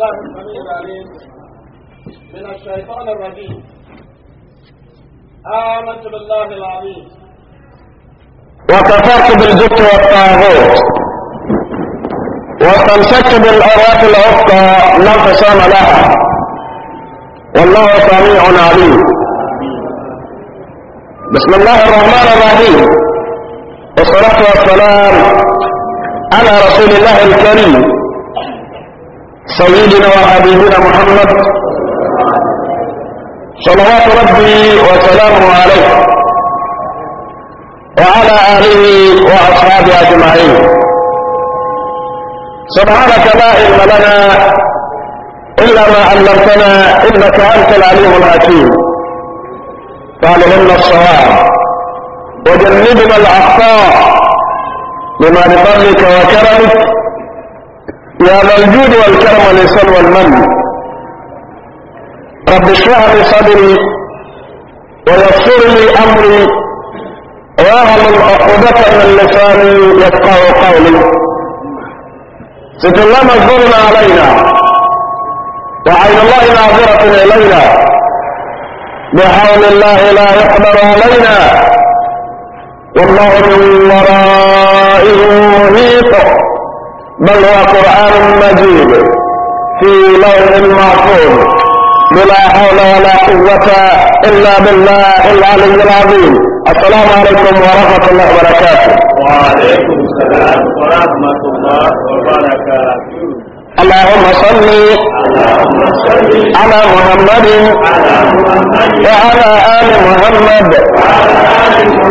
الله السميع العليم من الشيطان الرجيم آمنت بالله العظيم وكفرت بالجبت والطاغوت واستمسكت بالأرواح العتقى لا انقسام لها والله سميع عليم بسم الله الرحمن الرحيم والصلاة والسلام على رسول الله الكريم سيدنا وحبيبنا محمد صلوات ربي وسلامه عليه وعلى آله وأصحابه أجمعين سبحانك لا علم لنا إلا ما علمتنا إنك أنت العليم الحكيم فعلمنا الصواب وجنبنا الأخطاء لما لفضلك وكرمك يا ذا الجود والكرم والإحسان والمن رب اشرح لي صدري ويسر لي أمري واعلم عقدة من لساني يفقه قولي ست الله مجبورنا علينا وعين الله ناظرة إلينا بحول الله لا يقدر علينا والله من ورائه محيط بل هو قرآن مجيد في لوح معصوم بلا حول ولا قوة إلا بالله العلي العظيم السلام عليكم ورحمة الله وبركاته وعليكم السلام ورحمة الله وبركاته اللهم صل على محمد وعلى آل محمد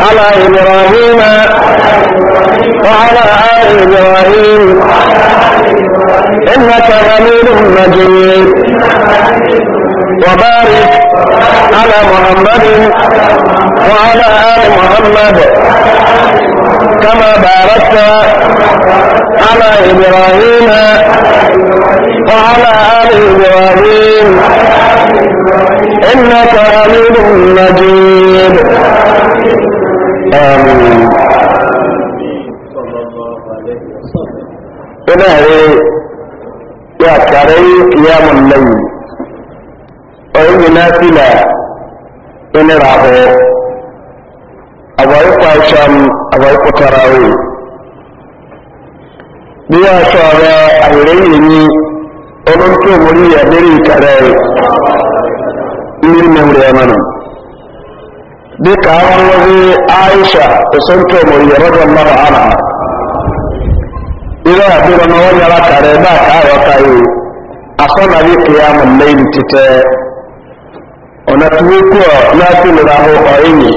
على إبراهيم وعلى آل إبراهيم إنك غني مجيد وبارك على محمد وعلى آل محمد كما باركت على إبراهيم وعلى آل إبراهيم إنك حميد مجيد آمين إلهي يا كريم قيام الليل وإن نافلة إن رابو أبوك عشان أبوك تراوي بيا شعر أهليني ومن تومري يدري كريم من مهر يمنون dịka ahụhụ aisha ụsọnke omori yarọdọ mmadụ a na ire abụrọ na ọ nyara ebe a ka arịọ ka iwu ya mụ nne ili tite ọnatuwekwu na-atụ ahụ ọyịnyị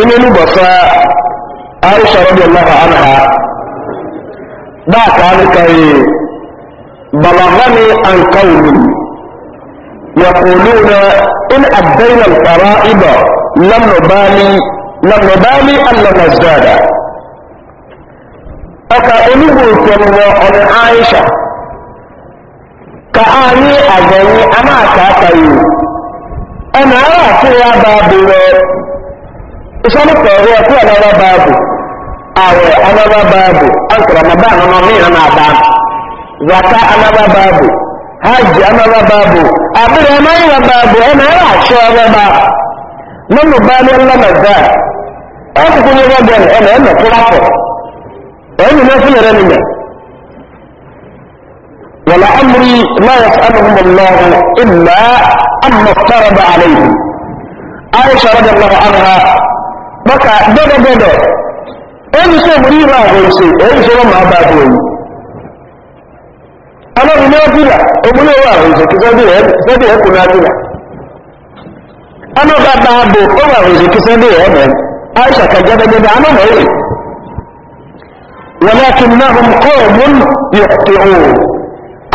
ime n'ụbọchị aisha rọdọ mmadụ a na ha يقولون إن أدينا الفرائض لم نبالي لم نبالي أن نزداد أكأنه كنوا عن عائشة كأني أزني أنا كأتي أنا أعطي بابي إسان كوريا كي أنا بابي أو أنا بابي أنت رمضان أنا مين أنا بابي زكاة أنا بابي حج أنا بابي abin ya mai wa babu ya mai wa cewa ba ba na mubali Allah mazza an ku kuma ba gan ana yana kura ko wani ne su ne ne wala amri la yas'aluhum Allah illa amma tarada alayhi Aisha radiyallahu anha baka dodo dodo en so muri ba ko se en so ma ba ko yi ọlọ́run ní ọ́fíìlà omúlé wà òṣèké sọ́dẹ̀ ẹ̀kùn ní ọ́fíìlà ọlọ́ba bá bò ó wà òṣèké sọ́dẹ̀ ẹ̀mẹ́ aisha kàjẹ́dẹ́gbẹ́dẹ́ anọ́mọ̀ èrè wọlákin náà kọ́ ọ̀mún yọ̀tọ̀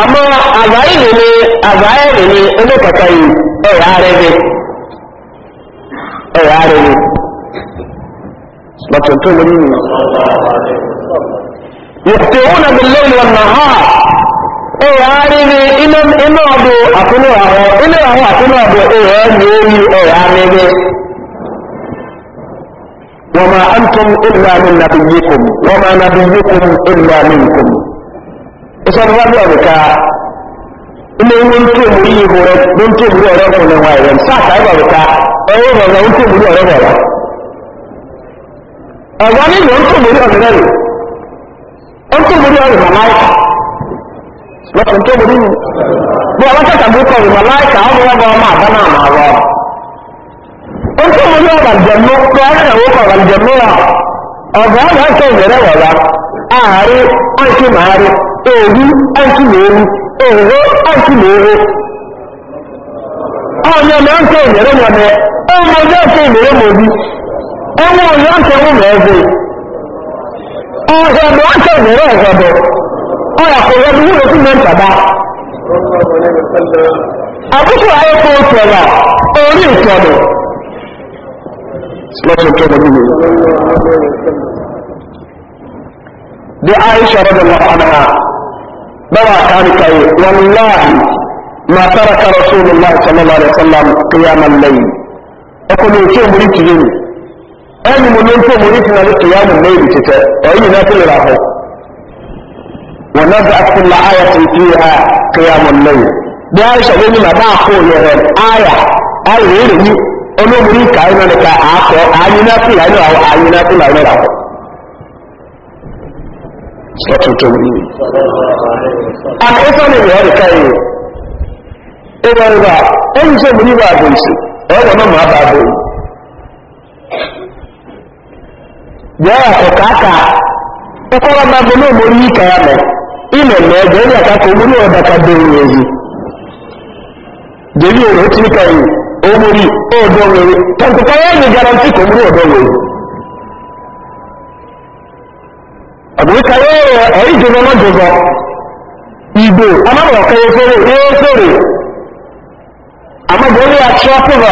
àmọ́ àgbáyèrè ni àgbáyèrè ni olókàtà yìí ẹ̀yà arẹ́gbẹ́ ẹ̀yà arẹ́gbẹ́ lọ́tọ̀ tó lórí yọ̀tọ̀ òun náà bí lẹ́yìn wọn náà ẹ̀rọ arìnrì inú ọdún àtúnú àwọn inú àwọn àtúnú ọdún ẹ̀rọ ẹ̀mí orí ẹ̀rọ arìnrì wọ́n máa ń tún ìlà mi nàbí yíkùn wọ́n máa nàbí yíkùn ìlà mi yíkùn ìṣọ́nù wájú ọ̀dùká ilé ìwé ń tún ìmúrí ìhò rẹ̀ ló ń tún ìmúrí ọ̀rẹ́ ọkùnrin wa ẹ̀rẹ̀ rẹ̀ ń tún ìmúrí ọ̀rẹ́ màmáìkà lọ́kùn tó borí bí ọba ṣẹ̀ṣẹ̀ bí ìmọ̀ láìka ọmọ ọba ọmọ àbá náà máa rọ ó tó borí ọba jẹ̀mú pé ọ̀rẹ́ ìwé kọ̀ ọba jẹ̀mú rà ọ̀gá ọba ẹ̀ṣẹ̀ ìbẹ̀rẹ̀ ọ̀ǹtí ọ̀ǹtí ọ̀ǹtí ọ̀nyẹ̀ ọ̀ǹtí ọmọ ọ̀ǹtí ọmọ ọ̀ǹtí ọ̀yà kò yẹ bí wúlò fún mẹ́ta bá. àbúkù ayé kò tẹ̀lá orí ìtọ́nù. lọ́sọ̀ aisha rẹ̀ lọ àdáhà báwa kárí káyé wọn láàyè ma tara ka sallallahu alaihi wasallam qiyam layl ko ne ce muri tijin ani mun ko muri tijin al na ha ونضع كل آية فيها قيام الليل bí a ṣe آية آية àpò yẹrẹ àyà àyè èyí olóòmùrí ìkà iná nìka àkọ àyínáfìlà inú àwọn àyínáfìlà inú àwọn sọ́tútù yìí. àkẹ́sọ́ ni ìwọ nìka yìí ìwọ ìwà ẹ̀yìn tó mú níwà àbò ìsìn ọ̀rọ̀ náà máa bá a bò yìí. bí a káàkà ẹ̀kọ́ wa máa bọ̀ lóòmùrí ìkà mẹ́. ime mmege onye aka ka omori ọdaka doro n'ezi. deri ere otu ka yi omori ọdọ nwere tọkụkọ ya ni garanti ka omori ọdọ nwere na igbo ọka efere efere amaghị onye achị ọkụrụ ya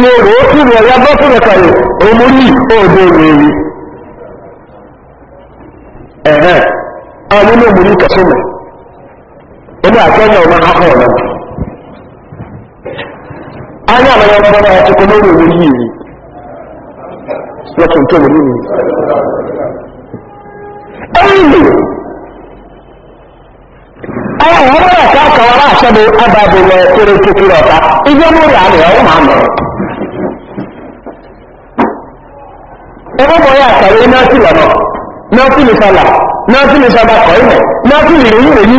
nwere otu ụlọ ya dọkụrụ ka ọdọ nwere anyị na-emuri kasị mere onye akọ onye afọ ya chekwa n'ụlọ oriri iri lọtụ nke oriri iri anyị ahụ ọrụ ya ka akọwara asọdụ ababụ na ekere ekekere ọta n'ụlọ anyị ọrụ ma mere ebe ụmụ ya nọ na sọlá nọ́ọ̀sìlì sọba kọ̀ ilẹ̀ nọ́ọ̀sìlì rèyí rèyí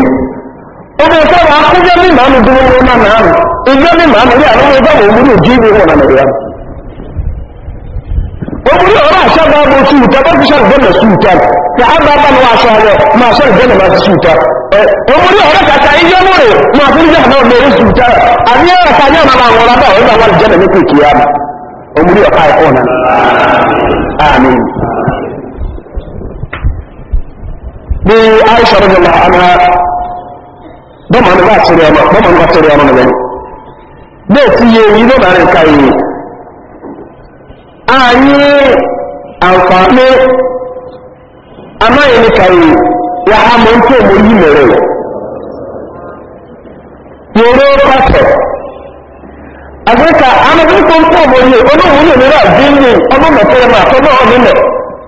ọmọ ìsọ̀rọ̀ akúnjẹ́ mímọ́ àmì dúró ní ọmọ náà nù ìjọ mímọ́ àmì rí àwọn ẹgbẹ́ òun ní ojú ìwé wọn àmì rí ọ̀rọ̀ àṣà bá bó sí ìta bó fi sọ̀rọ̀ bẹ́ẹ̀ sí ìta kí á bá bá wọn aṣọ máa sí ọ̀rọ̀ kàkà mú rè máa fi jẹ́ àwọn ọmọ sí bí aisha rẹ̀ lọ àmà bọ́mọ̀ ní bá tẹ̀rẹ̀ ọmọ bọ́mọ̀ ní bá tẹ̀rẹ̀ ọmọ nìyẹn bí o ti yẹ èyí ló bá rẹ̀ ká yìí a ní àǹfààní amáyé ní ká yìí wà á mọ̀ tó mọ̀ yí mẹ̀rẹ̀ yòrò pàtẹ́ àgbẹ̀ka amáyé tó mọ̀ yí olóhùn yìí nínú àdínní ọmọ mẹ̀tẹ́rẹ̀ máa tọ́ náà nílẹ̀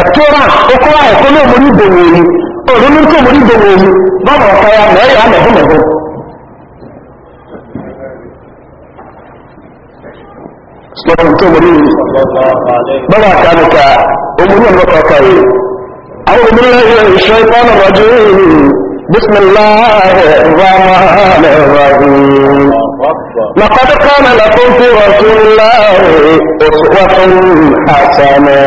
ẹ̀tọ́ra okọ́ra ẹ̀kọ́ ní ọmọ níbòmò èyí òní ní kí ọmọ níbòmò èyí bọ́bọ̀ ọ̀ká ya mẹ́rin àmẹ́hùnmẹ́hùn bọ́bọ̀ ọ̀ká nìka ọmọ ní ọmọ kọ̀ọ̀kọ̀ yìí àwọn ọmọ ilẹ̀ ìṣẹ́ ìpọ́nà rọ̀jú بسم الله الرحمن الرحيم لقد كان لكم في رسول الله أسوة حسنة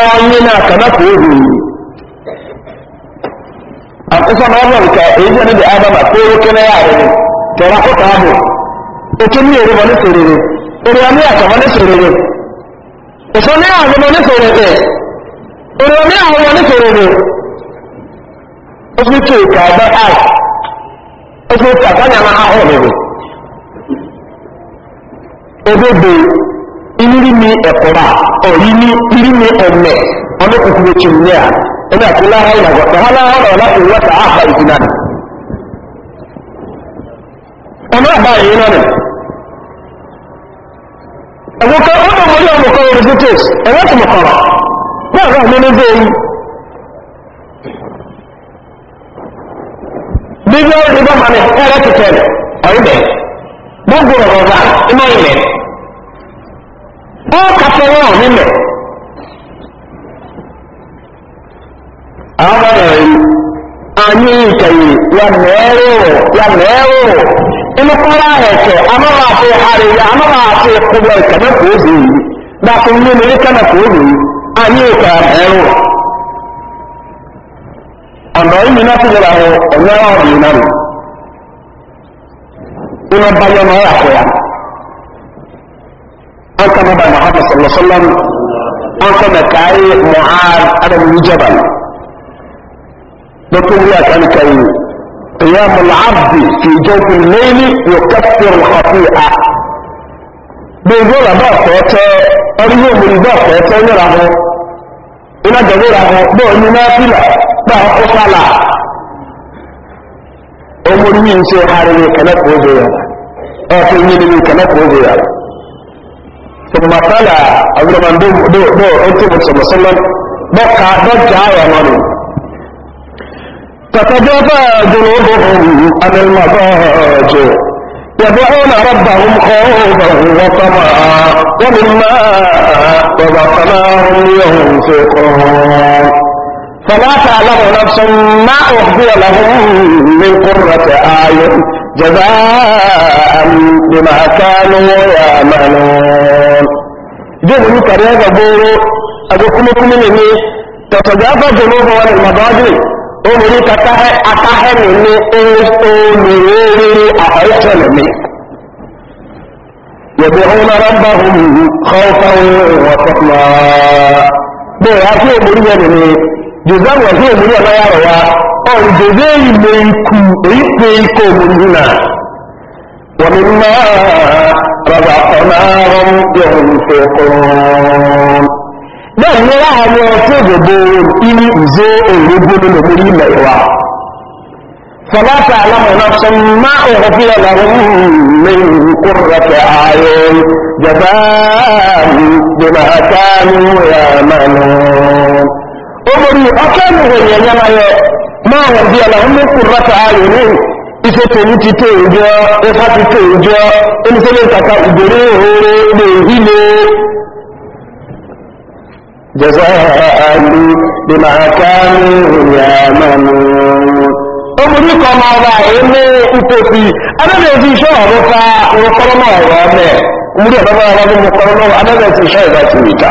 onye na akana na ka ohu na ọrụ nke ezi onye dị ma kpọrọ oke na ya arịrị tọrọ akụkọ ahụ oke ndị eri ma nesorere eri ya aka ma nesorere ụfọdụ ndị ahụ ma nesorere eri ahụ ma nesorere ofe ike ka agba ahụ ike na ahụ ebe a ilimi ekora oyini ilimi emme ono kukuwe chimnea ina kula haula wata hala haula wala kuwata aha ikinani ono abaye inani abuka ono mwali wa mkoa universities ewatu mkoa kwa kwa mene zei bivyo riba mane ere kitene oime mungu rogoza ima imene ọ kasa wọn ọhún mẹ agbára yìí anyị nkàyè ya mẹ́rù ya mẹ́rù nnukwu ahẹ̀kẹ̀ amára àti àrẹ ya amára àti ìkúgbà ìkàmẹ́ kò ó zèyí dàtú ní mẹ́rin kàmẹ́ kò ó zèyí anyị nkàyè mẹ́rù ọ̀nà ìmì náà tìjọba ahụ ọ̀nyẹ́rọ̀ ọ̀dì náà nù ìnọ̀bàyọ̀ náà yà kọ̀ ya. أنت نبى محمد صلى الله عليه وسلم أنت مكاي معاذ أنا من جبل نقول لك أنا كريم قيام العبد في جوف الليل يكفر الخطيئة بيقول ما فوته أريد من ما فوته يراه إلى جويره بوني نافلة بقى صلاة أمور مين سيحاربي كانت وزيارة أو في مين كانت وزيارة ثم قال أمر من دو دو دو أنتم صلى الله عليه وسلم بقى بقى يا مالي تتجافى جنوبهم عن المضاجع يدعون ربهم خوفا وطمعا ومما رزقناهم ينفقون فلا تعلم نفس ما أخفي لهم من قرة أعين جزاء بما كانوا يعملون دون كريم غورو أجوكم كم مني تتجافى جنوب عن المضاجع أمري كتاه أتاه مني أولي أحسنني يدعون ربهم خوفا وطمعا بيعفو مريم جزاء وفي مريم يا رواه ọ̀dẹ̀dẹ̀ ilé ikú èyí pé ikọ̀ òmìnira wọ́n ni máa rọ̀bà ọ̀nàrọ̀ yọ̀hún fẹ́kọ̀ọ́ bẹ́ẹ̀ ni wọ́n àwọn ọtí òdòdó inú ìzó òrùgbó nínú orí ilẹ̀ wa fọláta alámọ̀nà sọ máa òkú fi ọlọ́run mẹ́rin kúrọ̀tẹ̀ ààrẹ jẹba gbẹmọ̀ àkáàmù ìyàmánu omori ọkẹ́ nìwọ̀n yẹn yẹn ayẹ máa wọ̀n bí ọ̀nà ọmọ kù rọ́tà ayò ní ife tòun ti tó ìjọ ifá ti tó ìjọ oníṣẹ́lẹ̀ kàkà ìgbèrè òhòrò lè hílé jẹ́sà àlú bí máa ká ní ìyá mọ́nu omori kọ máa wà ilé ìtòsí adẹ́bẹ̀ẹ́sì iṣẹ́ ọ̀rọ̀ fa orúkọ́rọ́mọ̀ ọ̀rọ̀ ọ̀mẹ́ omori ọ̀dọ́gbọ́n alágbèmọ̀ kọ́rọ́mọ̀ adẹ́bẹ̀ẹ́sì iṣẹ́ ìdásí ìta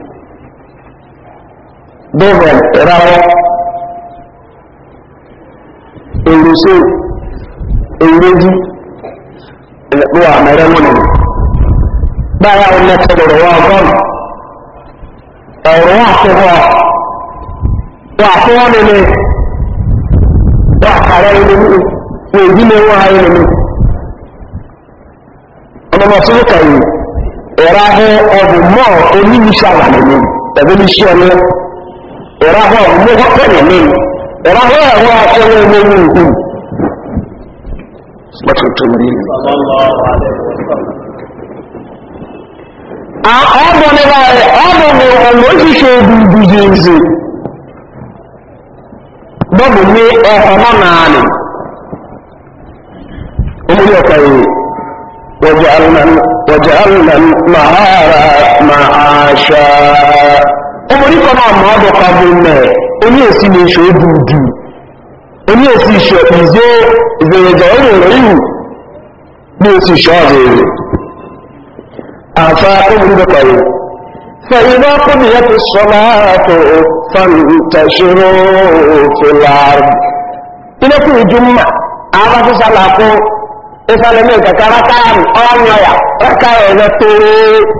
bẹ́ẹ̀ rárá èrùsẹ́ èrùmẹ́jú wà mẹ́rẹ́ múnà báyá ọmọ tẹ́gbọ̀rọ̀ ọrụ ọgọ́rùn ọ̀rọ̀ wà fẹ́wọ́ na nínú wà kàrẹ́ nínú èyí ni wọ́n ayé nínú ọmọ tí ó kàyè ẹ̀rọ ahẹ́ ọdún mọ́ nínú ìrahọ́ ọ̀mọ́gọ́ pẹ̀lú mi ìrahọ́ ẹ̀rọ akọ́lẹ̀ olórí ìhù lọ́tọ̀tọ̀rọ̀ omori kọ́nà àmọ́ ọ̀dọ̀kọ̀ agbóhùnmẹ̀ oní èsì ní ìṣò dùdù oní èsì ìṣò ìzé ìzèrèjọ ìrìnrìn ìhù ní èsì ìṣò ọ̀rẹ́rẹ́ àfá omori dọ̀kọ̀ yìí fẹ̀yìnbá kóbi yẹ ti sọ́lá àtò fàǹtẹ̀ṣòro fìlàrù ilé kù ìjùmọ̀ àwọn afẹ́sà làkó ìsàlẹ̀ mẹ́ta kárakáàrù ọ̀nyọ̀yà rákàrẹ̀ ẹ̀rẹ́ tóó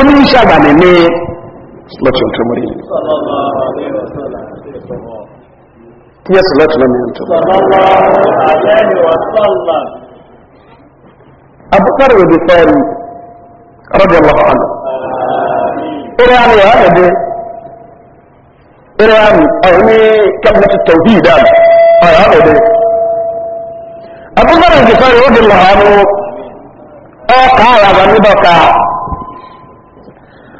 omi iṣẹ́ àgbà mi ní slọ́tì ọ̀tọ́ mọ́rí ni kí yẹ slọ́tì lọ́mí ọ̀tọ́ abúkárì òbí fẹ́ẹ̀rì ọ̀rọ̀dẹ̀ lọ́kọ̀ọ́nà eré àmì ọ̀rọ̀dẹ̀ eré àmì ọ̀rọ̀ ní kẹ́mẹ́tì tẹ̀wí ìdáàbò ọ̀rọ̀dẹ̀ abúkárì òbí fẹ́ẹ̀rì ọ̀rọ̀dẹ̀ lọ́kọ̀ọ́nà ọkà àyàbà níbọ̀ká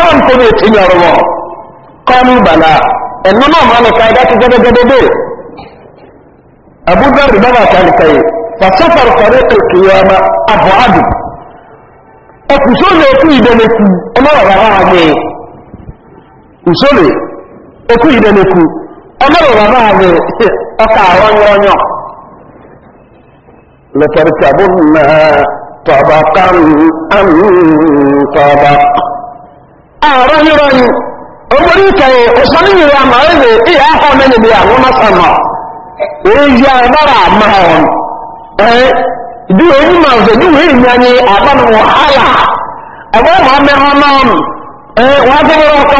àwọn kò ní ètò ìyọrọ wọn kọ́nù bàlá ẹ̀nà náà máa nìka ẹ̀dá ti gẹ́gẹ́gẹ́gẹ́ dé abúgbà rẹ̀ bàbá àtàlùkà yìí fàṣọ́fà rẹ̀ kẹ̀kẹ́ yọ ọmọ abọ́ àdù ẹkùn sólè òkú ìdẹ́nẹ́kù ọmọrọ̀rọ̀ ara rẹ̀ ìsólè òkú ìdẹ́nẹ́kù ọmọrọ̀rọ̀ ara rẹ̀ ọkà àwọn yọnyọ lẹ́tọ̀rìkà bó ń tọ́ba kan ń tọ́ba. ààrọ yọrọ yìí ogbori ìkẹyẹ òsàn yìí àmà ẹgbẹ ìyá ahọ mẹni bí àwọn mọ́sánmà èyí àbára àmà ọ̀n ẹ bí oyin máa fẹ ní wíì ní ẹni àbánu wàhálà ẹgbẹ́ wọn mẹ́họ náà ẹ wọn gbọ́dọ̀ ọkọ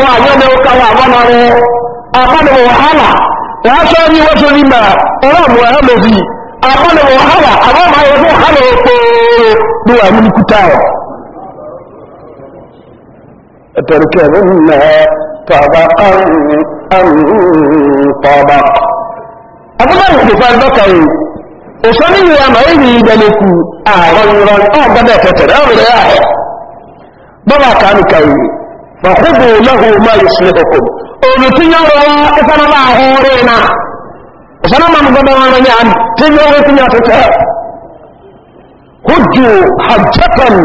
wa wa تركبنها طبقا أم طبق أبو الله كفار بطري أصلي يا مريدي دلكو أغيرا آه، أغدا آه، تترى أغدا آه، بما كان كي فخذوا له ما يصلحكم أولو تنيرا إفنا ما أغورينا أصلا ما مقدرانا نعم تنيرا تنيرا تترى خذوا حجة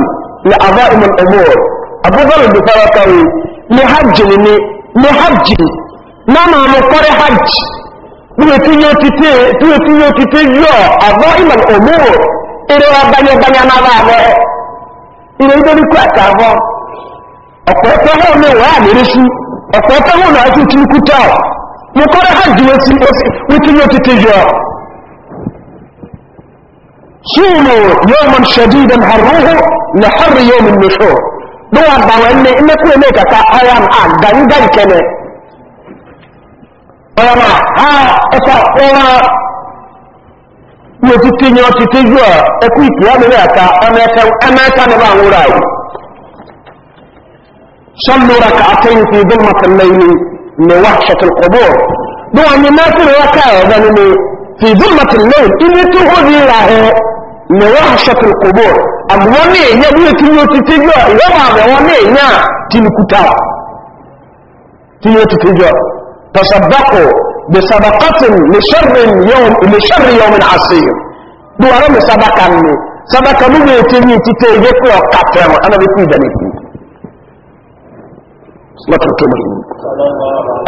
لعظائم الأمور abubakar da fara kawai ni hajji ne ni hajji na ma mo kore hajji ni tiyo tite tiyo tiyo tite yo abo iman omuro ire wa banya banya na ba ba ire ido ni kwa ka bo ọ̀pọ̀ ọ̀pọ̀ ọ̀hún ni wà ní ríṣú ọ̀pọ̀ ọ̀pọ̀ ọ̀hún náà ti ti kú tọ́ mo kọ́rọ̀ hajji wọ́n ti wọ́n ti yóò tètè yọ ṣúùmù yóò mọ̀ ṣẹ̀dí ìdàn àrùhù lẹ́hàrù yóò mú nìṣọ́ dụwa gbanwe nne mmekwu ka ọya m aga nga nkene ọya ma ha ọsọ ụra wetu tinye ọchịchị jụọ ekwu ya mere ka emeka e na ba nwụrụ anyị صلوا ركعتين في ظلمة الليل من وحشة القبور دو أني ما في ركعة في àbúwọ́ ní èyàn bí tí ó ti tíjọ́ ìrọ́mà àwẹ̀wọ́n ní èyàn tí ní kúta tí ó ti tíjọ́ tọ́sàbákò bí sàbàkọ́tìn lè ṣẹ́rì yọmin àṣíyàn bí wọ́n mi sàbàkà ní sàbàkà ní bí ètí ní títẹ́ ìgbé pé ọ̀ka fẹ́ràn anábíkú ìdàlẹ̀ kú lọ́tọ̀ tó mọ̀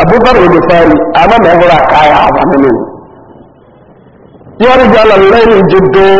abúgbà rẹ̀ lè fẹ́rí àmọ́ mẹ́wọ́ra káyà àwọn nínú yọ́rù jọ lọ lẹ́yìn jù dóó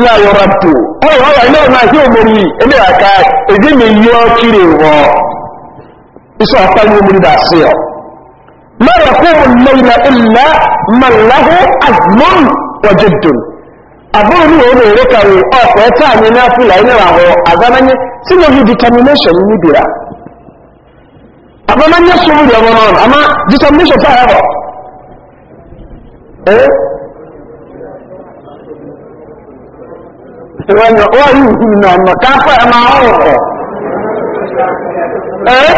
la yọra tó ọyọ ọyọ ilé ọ̀nà àti òmòrì ilé àká èdè mi yọ kiri wọ iṣẹ́ ọ̀pá ní omi dà sí ọ mẹ́rẹ̀ kó mu lẹ́yìnà ilẹ̀ mẹ́láhó azmọ́n wọ́jẹ́ dùn àbúrò ní òun èrè kàwé ọ̀pẹ́ tá a ní ní àfúlà iná àwọ̀ àgbánáyé tí mo fi determination ní bìrà àgbánáyé sọ́wọ́ ìyọ̀wọ̀ náà àmá determination tá yà bọ̀ ìwọ̀nyọ̀ ó yìí ìdí ìnà ọ̀nà káfẹ́ ẹ̀ máa ọ̀rọ̀ ẹ̀ ẹ́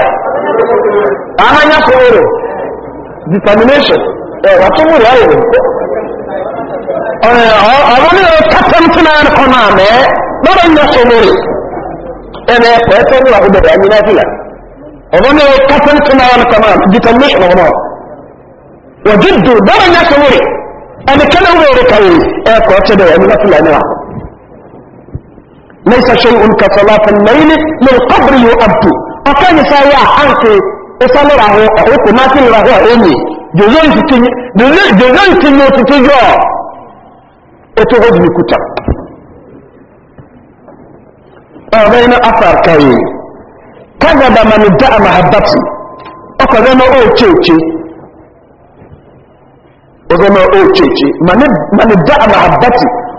ahányá kòwòrò determination ẹ̀ wà tó múrò ayò rẹ̀ ọ̀rọ̀ ní ọ̀ kẹtẹ́m tí náà kọ́ náà mẹ́ lọ́rọ̀ ní ọ̀sọ̀ múrò ẹ̀nà ẹ̀pẹ́ tó ní ọ̀hún bẹ̀rẹ̀ ẹ̀mí náà fìlà ọ̀rọ̀ ní ọ̀ kẹtẹ́m tí náà kọ́ náà determination ọ̀rọ̀ wọ́n jù dùn lọ́rọ̀ ní ọ̀sọ̀ múrò ẹ̀nì kẹ́lẹ́ wúrò rẹ̀ kàwé ẹ̀kọ́ tẹ́lẹ̀ ẹ̀mí náà fìlà ní wàhùn ليس شيء كصلاة الليل للقبر يؤدي أكان سايا حانك إسالة رهو أعوك ما في رهو أمي جزوي تتني جزوي تتني تتجو أتغذني كتب أبين أثر كي كذب من ادعى محبتي أكذا ما أوتيتي وذا ما أوتيتي من ادعى محبتي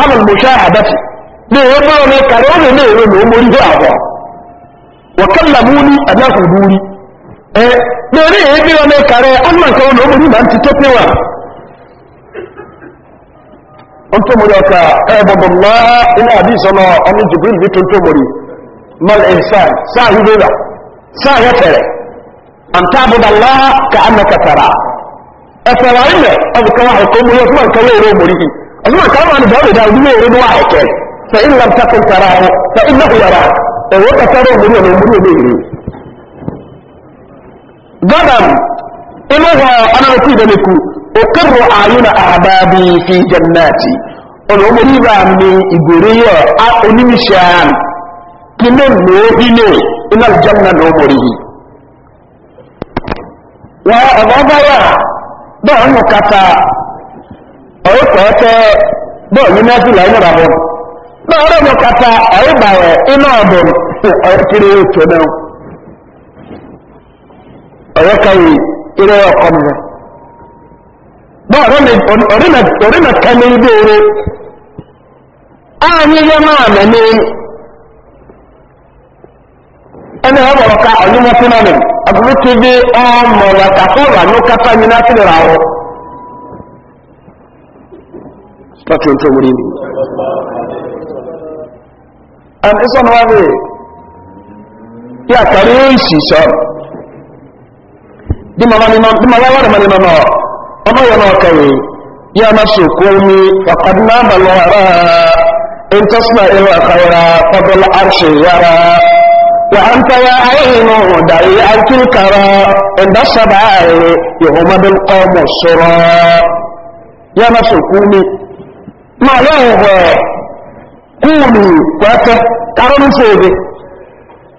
على المشاهدة ليبرنا كرون ليهم ومريه أبا وكلموني أنا فدوني eh mere ebe wa me kare Allah ko no mu man ti tepe wa onto mo ya ka ibadullah ina bi sama on jibril bi tonto mo mal insan sa hu be sa ya tere an ta'budallah ka annaka tara afawaina abka wa ko mo ya ko ko ro mo ri أما كان عن ذلك داودية يريد واحد فإن لم تكن تراه فإنه يراك وقت تراه مريم مريم مريم غدا إنه أنا نتيجة لكو أقر أعين أحبابي في جناتي ọ̀nà omoríba mi ìgbèrèyọ onímìṣàn kí ní lóòbílẹ̀ iná ìjọmọ̀ náà mọ̀rí yìí wọ́n ọ̀gọ́gọ́rọ̀ bọ́ọ̀ nù kàtà ọ̀rọ̀kọ̀ ọ̀tọ́ bọ́ọ̀ ní mẹ́fìlà inú ra bọ́ọ̀ náà ọ̀rọ̀ mọ̀ kata ọdụ iná ọ̀dùn ọ̀kiri ètò náà ọ̀rọ̀kọ̀wé eré ọkọ̀ mi rẹ̀ na ọ̀rẹ́mẹ̀ kẹ́mi ibi eré ààyè yẹn na mẹ́ni ẹni ẹ wọ̀rọ̀ ka ọ̀nyẹ́mọ́sí náà mi àbúrú ti bí ọmọ wàtàkùn rà ní kápá nyiná sílẹ̀ rà wọ́n. tọ́tù tó ni and it's on one way yà kàrí èsì sọ bí màmá ni màmá wà lọ́mọ ni màmá ọmọ yẹn náà kàwé yà má so kó mi ọ̀pàdé náà bà lọ ara intosna ìlú àkàwéra ọdọlá àṣẹ yàrá wà á ń tayà àyìnbó dàrí àkíkàrà ẹ̀dá sábà ààrẹ yòhùnmọ́dún ọmọ sọ̀rọ̀ yà má so kó mi. máa yọ ọ̀wọ̀ kúùlù pẹ́ẹ́pẹ́ kárọ́ ní sèébi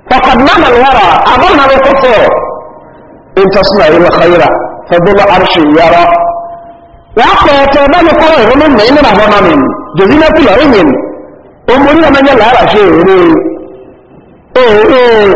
فقدمنا الورى أظن بالكفر إن تصنع إلى خيرا فذل عرش يرى وأخوة يتعبان قرأ رمين من إننا هو من جزينا كل رمين أمري من يلا على شيء إيه إيه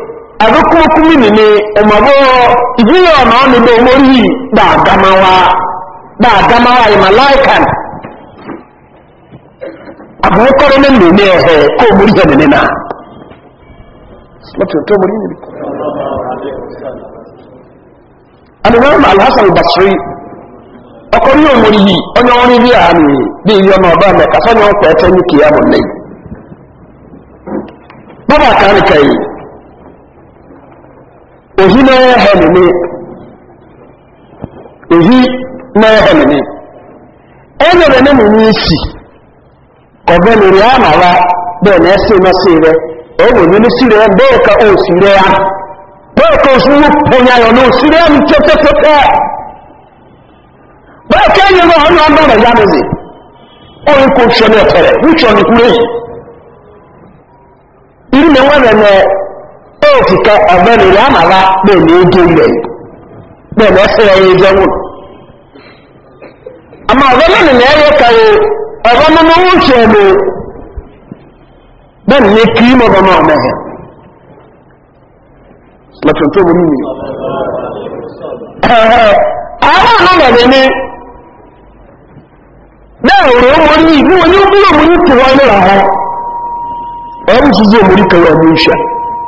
agokumo kumini ni ọmọbọ ìdílé ọ̀nà ọ̀nà ìgbà omori dàgámáwá dàgámáwá ìmàláìkan àbúkọ́rọ́ ní ìlú ní ẹ̀hẹ́ kó omori jẹ́ nìyẹn náà lọ́tọ̀ tó omori yìí. alimami alhassan basiri ọkọ ní omori yìí ọnyọ wọn bí a ní bí iye ọmọ ọba mẹ kásán ní wọn ní kìí èyí náà hẹ̀ nìmi èyí náà hẹ̀ e ẹgbẹ̀rẹ̀ náà mú ní ìsì ọ̀gbẹ́ lórí àmàwà na náà sí iná sí rẹ ẹgbẹ̀ ní rẹ ka ó rẹ á bẹ́ẹ̀ ka rẹ ka ẹ̀yẹ náà ọ̀nà ọ̀nà ya mi zì ó ń kó ṣọ ní ọ̀tẹ̀rẹ̀ yìí mi èsì kẹ ka mi rẹ̀ àmàlà pẹ̀lú ojú ilẹ̀ pẹ̀lú ẹsẹ̀ ẹ̀yẹ jẹ́wò. àmọ́ ọ̀gbẹ́ mi nìyẹn ẹ̀yẹ kẹrẹ ọ̀gbẹ́ mi ní wọ́n ṣe ẹ̀lò bẹ́ẹ̀ nìyẹn kí mọ̀ bọ́ náà mẹ́hẹ̀. lọ́tún tó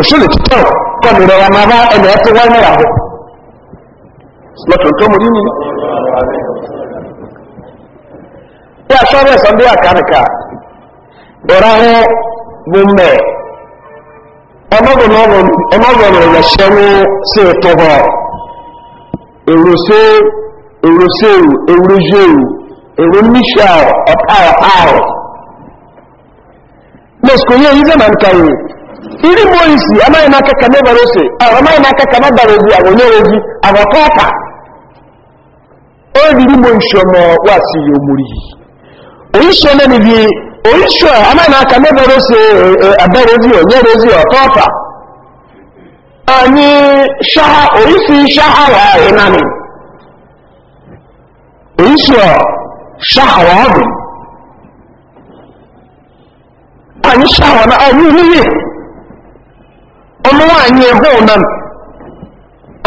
òṣèlè títọ́ kọlu rẹ̀ wọn bá ẹnà ẹ̀tọ́ wọ́n mẹ́ra hù lọ́tún tó mú rí ni bí a sọ́rọ̀ ẹ̀sán bí àkàrìkà bọ̀rọ̀ ahọ́ bú mẹ́ ọmọbìnrin rẹ̀ ṣẹ́wó sí ìtọ́bọ̀ èrùsẹ́ èrùsẹ́ èrùsẹ́ èrù níṣẹ́ ọ̀pá ọ̀pá ọ̀ lọ́sùkò yẹ́ yí sẹ́mà ń kàyè ndị mmụọ isi amaghị n'aka ka mebara ose amaghị n'aka ka mebara ozi onye ozi agwọta ọka oriri mmụọ isi ọmọ wasị ya omurihi oyishi ọ mebibi oyishi ọ amaghị n'aka mebara ose e, e, abara ozi onye ozi ọta ọka anyị shaha oyisi shaha wa ọ shaha wa na anyị ọmọ nwaanyị ịhụ na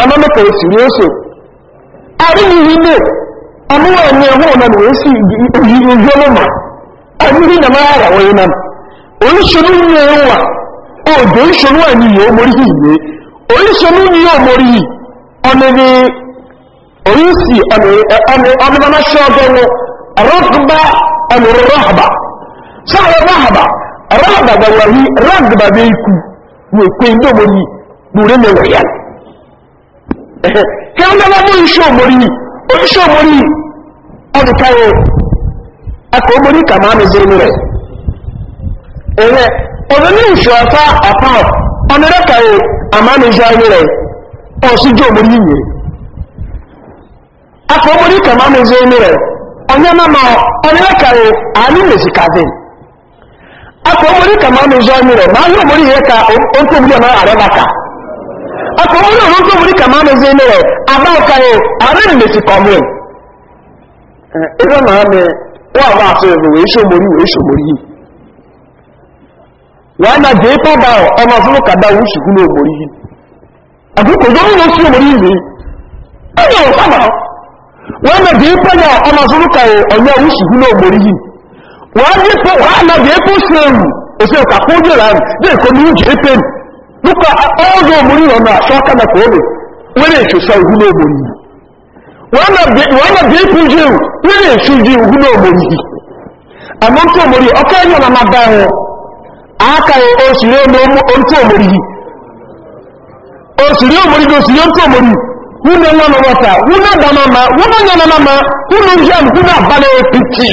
ọmọ ka esi wee so arụ ihe ime ọmọ nwaanyị ịhụ na wee si oyiyi oyi ma ọmịrị na mara wee na oríṣiríṣi ní ẹ̀rọ wà òjò ìṣòro ẹ̀mí yóò mórí ìwé oríṣiríṣi ní yóò mórí ọmọdé oríṣi ọmọdébánáṣẹ́ ọgọ́rùn rọ́gbà ọmọdé rọ́hàbà sáwọn rọ́hàbà rọ́hàbà gbàgbà rí rọ́gbà bẹ́ ikú wò pé ndé omori yìí gbòòrè mi wọ̀ yẹn kí ọ̀nà mú omori yìí oníṣẹ́ omori yìí dị káyọ̀ akọ̀ omori kà máa mi zèrè rẹ̀ ẹ̀rẹ̀ ọ̀nà ní ìṣọ̀ ọ̀fà ọ̀pá ma omori yìí yẹn ma omori kà máa akọ omori ka maa n'ụzọ nyere ma omori ihe ka otu omori ọmara arịba maka ọrụ ka nyere aba ụka ya e, arị mmesi ka ọmụ na amị wa ọba asọ ịrụ wee shi omori wee omori yi wee na jee tọba ọmọ ọzọ ka da wusu gụ n'omori yi omori na ọzọ ka na wàá yé fún wàá nàbí ẹkún sèwù èsì ọ̀kà kó jẹ́ rà ní èkó oúnjẹ ẹ̀pẹ́ mi nípa ọ́ọ́dọ̀ òmùrí ọ̀nà àṣọ́ká nà kòóbè wẹ́rẹ́ èṣù sá ògùn òmùrí wàá jẹ́wù wẹ́rẹ́ èṣù òmùrí yìí àmọ́ òmùrí máa bá wọn òmùrí yìí òmùrí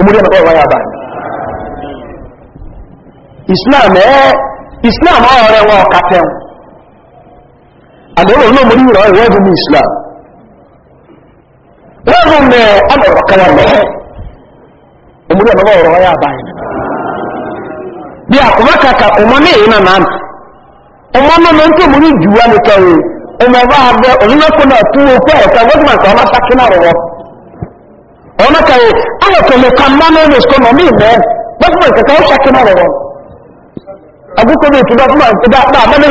umuri na bọ́ọ̀wọ́ yàbá islam ẹ́ eh? islam ọ̀rẹ́ wọn ọ̀kàtẹ̀wọ̀n àdéhùn islam rẹ́rùn mẹ́ ọmọrọ̀ kẹwà mẹ́ umuri na bọ́ọ̀wọ́ yàbá yìí bí àkùnmọ́ kàkà ọmọ ní èyí nà náà ọmọ náà ló ń tó múrí jù ọmọ bá abẹ òun náà náà tún ó pẹ́ wọ́n ti ọ̀nà kàyé alọ̀kọ̀lẹ̀ kan máa ní ọ̀nà ìṣkọ́nà ní ìmẹ́ lọ́pọ̀ ìkẹta náà rọrọ wọn àgbà fúnra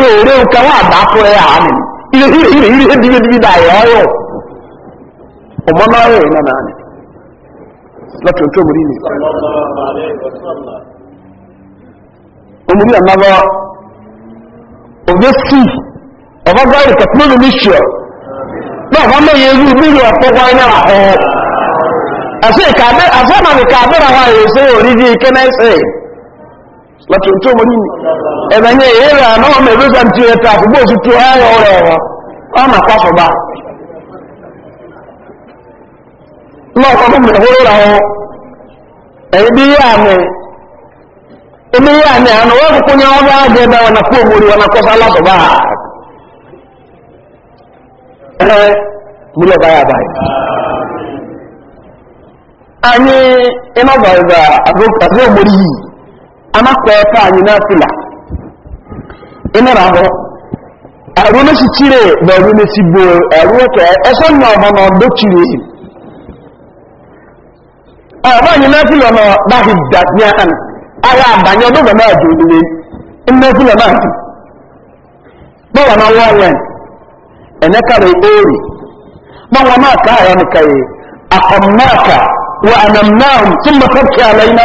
yà á nìyí ilé hìrì hìrì hìrì ihe hìrì hìrì dàyẹ ọyọ ọmọ náà rẹ iná náà ni lọ́tọ̀ tó mú nínú. omúrí asọ́màmì kàbẹ́rà wà yóò sí orílẹ̀ ìké mẹ́sẹ̀ lọ́tọ̀tọ̀ mọ́ nye ẹ̀mẹ̀yẹ ìhẹ́rẹ̀ àmọ́ mebe tí ó ta àfúgbò sí tó ayọ̀ rẹ̀ ọ̀rọ̀ ọmọ pàṣọba lọ́kọ̀ọ́kọ́ mẹ́rẹ́rẹ́ rà wọn ẹ̀yẹ bí yá mi ẹ̀mí yá mi àná wọ́n kúkú ní ọdún na bá wọn kó mórí wọn kọ́sá anyị ịnọbọza azụ omori yi amakọ ẹka anyị n'afila ịnara ahụ arụ chire na ọrụ bụ arụ ụka nna ọba na ọdọ chire ehi ọba anyị n'afila na dahi danya an agha abanye ọdọ gba naa nnafila gbawa na nwa ya ori gbawa وأممناهم ثم تبكي علينا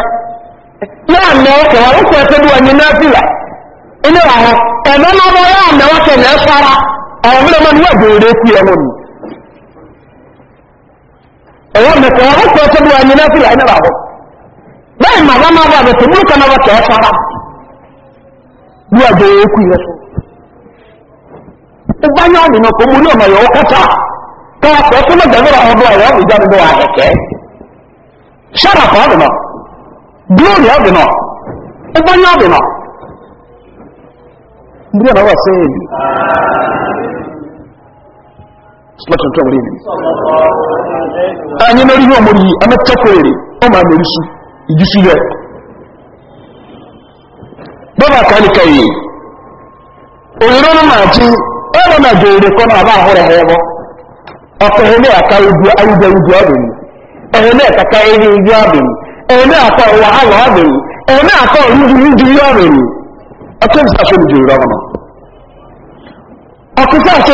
يعني وكوارك يتبوا أن نافلة إن رأى أمام ضيام وكان يشعر أمر من يبدو إليك يمن أمام كوارك يتبوا أن نافلة إن رأى بين ما ظن هذا تبوك ما بك يشعر يبدو إليك يشعر ìgbányà nínú kò mú ní ọmọ yòókẹta tó ọkọ̀ tó lọ́gbẹ̀ẹ́ lọ́wọ́ ọdún ọ̀rọ̀ ìjọba ìjọba àkẹ́kẹ́ sharaf ọ nọ glory ọ nọ ụgbọnye ọ nọ ndị ọ sị enyi anyị mere ihe ọmụrụ yi amechakwere ọ ma mere isu ijusu ya baba ka anyị ka ihe, ọnụ na-achị ebe na ga na aba ahụrụ ha ebe ọkụ aka ubi ọ ẹ̀rẹ́mẹ́ kàkà eré ojú àbẹ̀yìn ẹ̀rẹ́mẹ́ àkọ́ wàhálà àbẹ̀yìn ẹ̀rẹ́mẹ́ àkọ́ ìlú ìlú ìlú àbẹ̀yìn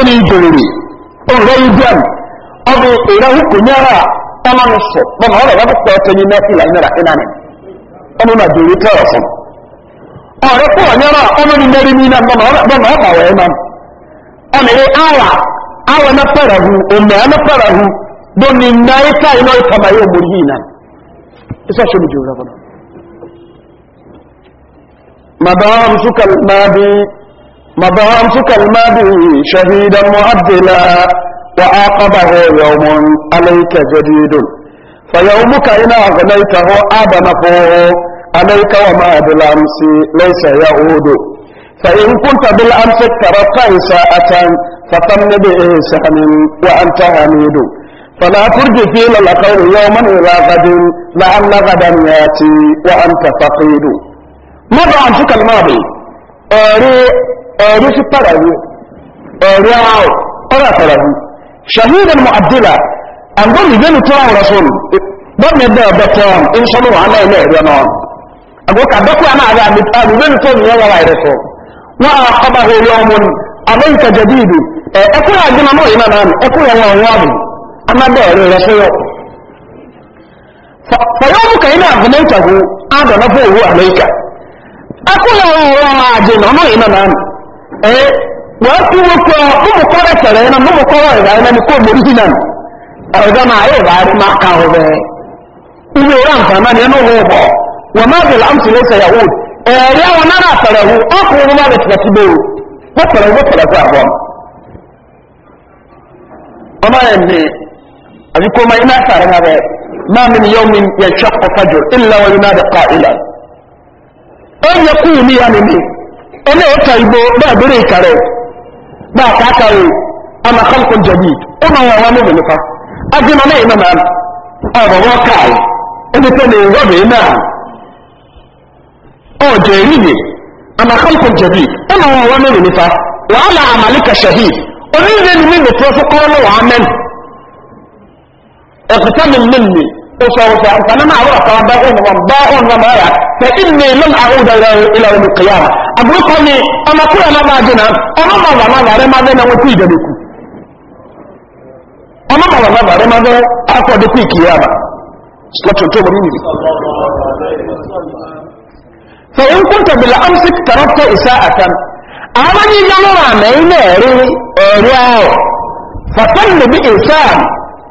mẹ́rin ní doni malaika inayokama yo mulina isasho mujura bana مدامتك الماضي مدامتك الماضي شهيدا معدلا وعاقبه يوم عليك جديد فيومك إن أغنيته آدم عليك وما بالأمس ليس يعود فإن كنت بالأمس اقترفت إساءة فتمن بإحسان وأنت حميد فلا ترجف إلى الأقل يوما إلى غد لعل غدا يأتي وأنت فقيد ماذا عنك الماضي أري أري في الطلب أري أو أرى طلب شهيد المعدلة أنظر إذن ترى رسول بمن يبدأ بطان إن شاء الله على إله ينام أقول كبكوا أنا على مثال إذن ترى يا وعي رسول وأعقبه يوم عليك جديد أكون عندنا مو إمام أكون يا وعي anábẹ̀ẹ̀rẹ̀ rẹ̀ fẹ́yọ̀ fẹ́yọ̀ mú kẹ̀yìn náà fún mẹ́ta fún òwú àmẹ́ríkà akúlẹ̀ ọ̀rọ̀ ọ̀rọ̀ máa jẹ nọ́nà ìnà ẹ wọ́n kú wọ́pọ̀ mímú kọ́rẹ̀ tẹ̀rẹ̀ iná mímú kọ́rọ̀ ìrà iná ní kó mórí sí náà ọ̀rọ̀dọ́ máa yóò bá rí ka ọ̀rẹ́ ilé ìwé àǹfààní ni ẹnu wọ̀ wọ́n máa bẹ̀rẹ̀ àmì lẹ́sẹ̀ أذكر ما ينا فارنا ذلك ما من يوم ينشق فجر إلا وينادى قائلا أن يقول يا مني أنا أتايبو ما بريك عليه ما كاكاي أنا خلق جديد أنا وأنا ملكة أجل أنا إمام أنا واقعي أنا تاني ربي إمام أو جيريني أنا خلق جديد أنا وأنا ملكة وعلى عملك شهيد أريد أن من يتوافق وعمل اغتنم مني وصوصا فانا ما اعرف طبعا باغون باغون وما يعرف فاني لم اعود الى يوم القيامه ابرقني اما كل انا ما جنا اما ما ما ما ما ما وتي دكو انا ما ما ما ما ما اكو دكو قيامه سلطه تو مريني فان كنت بالامس اقتربت اساءه اما ني جمرا ما ينري اوريو فكل بانسان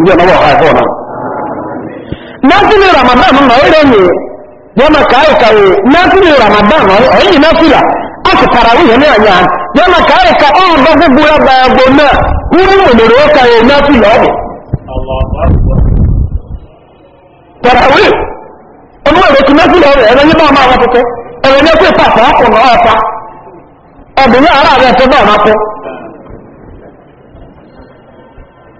ndị ọnọbọ ọha ẹfọ náà násìlì ramadan nọ ẹrẹ ẹnyẹ yọ ma káyọ káyọ násìlì ramadan nọ ẹyìn násìlà ọkọ tarawe yẹn náà yàn yọ ma káyọ ká ọ ọdọ gbogbo ọgbà ẹgbọ náà wúrú mọlẹrẹ ara rẹ tó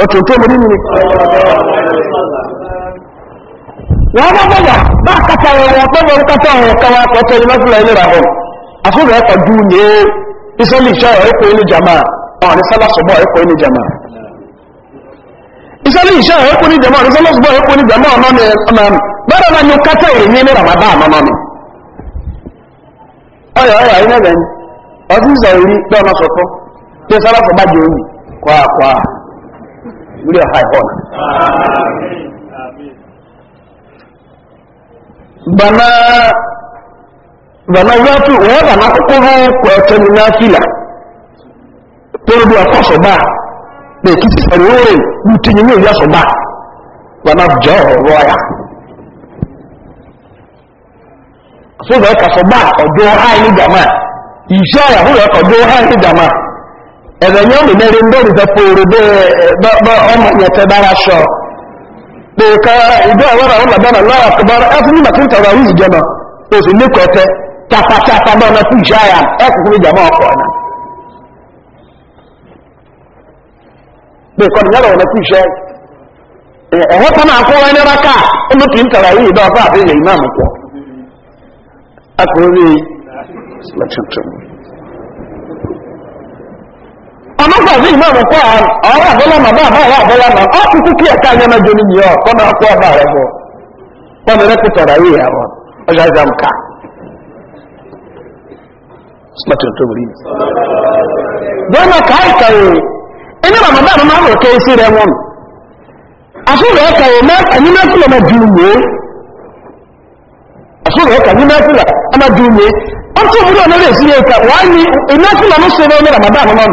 lọ́tún tó mọ̀rí nìyí. wọ́n bá bọ̀wà bá kàtà rẹ̀ wọ́n tó mọ̀rí kàtà rẹ̀ káwà kọ́tọ́ iná sílẹ̀ ilé rà hàn àfúrò ẹ̀kọ́ ju ní ìsọ́lì ìṣọ́ ẹ̀kọ́ ilé jama ọ̀n ní ẹ̀kọ́ ilé jama. ìsọ́lì ẹ̀kọ́ jama ẹ̀kọ́ mlio hai bana bana watu wao bana kukuru kwa temina kila torodu akoso ba be kisi sarore utinyinyo ya so ba wana jo roya so da ka so ba odo hai ni jama isha ya huyo odo hai ni jama ẹ̀rẹ̀yìn ndị mẹ́rin lórí ìfẹ́fòrò bẹ́ ọmọ ìyẹ̀tẹ̀ bára ṣọ́ pẹ̀ẹ̀ká ìdó àwọ́rà ọmọ dára lọ́wọ́kọ̀bára ẹfún ní màtí tàbí ìsì jẹmọ̀ oṣù lẹ́kọ̀ọ́tẹ́ tapatapa lọ́nà fún ìṣáyà ẹkùnkùn ìjàmọ́ ọkọ̀ ọmọ sàbí ìmọ̀ ọ̀rọ̀kọ́ ọ̀rọ̀ àbọ́lámà bá àbáyà àbọ́lámà ọ́ ti tún kí ẹ̀ka ẹ̀yẹ́mẹ́ jẹun ní ọ̀ kọ́nà ọkọ̀ ọba rẹ̀ bọ̀ kọ́nà rẹ̀ kùtọ̀ rà yìí àwọn ọjà ìjà mùkà. bọ́ọ̀nà káàkà yìí ẹni bàbá bàbá máa ń rò kẹ́ sí rẹ̀ wọn. àṣùrọ̀ ọkà yìí máa ẹni máa kúlọ̀ máa dùn mí. àṣùrọ̀ ọkà yìí máa kúlọ̀ máa dùn mí. ó tún mú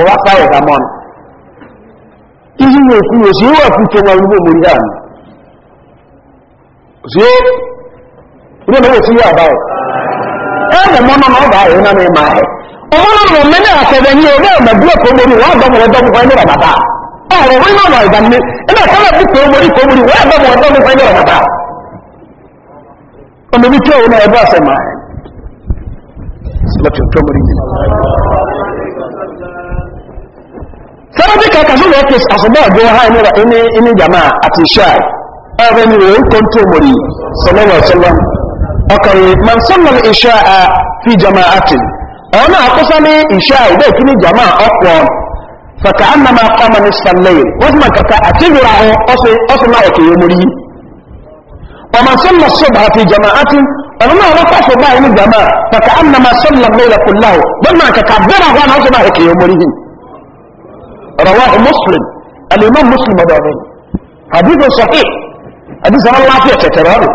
ụwa fire gamon ihe na-ekwu osi iwepụ uche nwere ugbo mori ha zie ihe na osi ya abaghị ebe mama na ọ ga-ahụ na n'ime ahụ ụmụrụ na omene akọbe nye ebe ọma onye sábàbí kàkà sí lọ kí àṣọ́bọ̀ ọ̀dọ́ ha ní jama àti ṣáà ọ̀rọ̀ ni wọ́n kọ́ tó mọ̀rí sọlọ́wọ̀sọlọ́ ọkọ̀rọ̀ man sọ́nàlì ìṣá a fi jama àti ọ̀rọ̀ náà kọ́sá ní ìṣá ìdẹ́ ìkíní jama ọ̀pọ̀ fàkà àmà máa kọ́ ọmọ ní sàlẹ̀ wọ́n sì máa kàkà àti ìrora ahọ́ ọ̀sùn náà ọ̀kẹ́ yẹn mọ̀rí ọmọ sọ́nà sọ́bà àti jama àti ọ̀rọ̀ náà wọ́n kọ́ رواه مسلم الإمام مسلم دارين حديث صحيح حديث الله فيه تتراره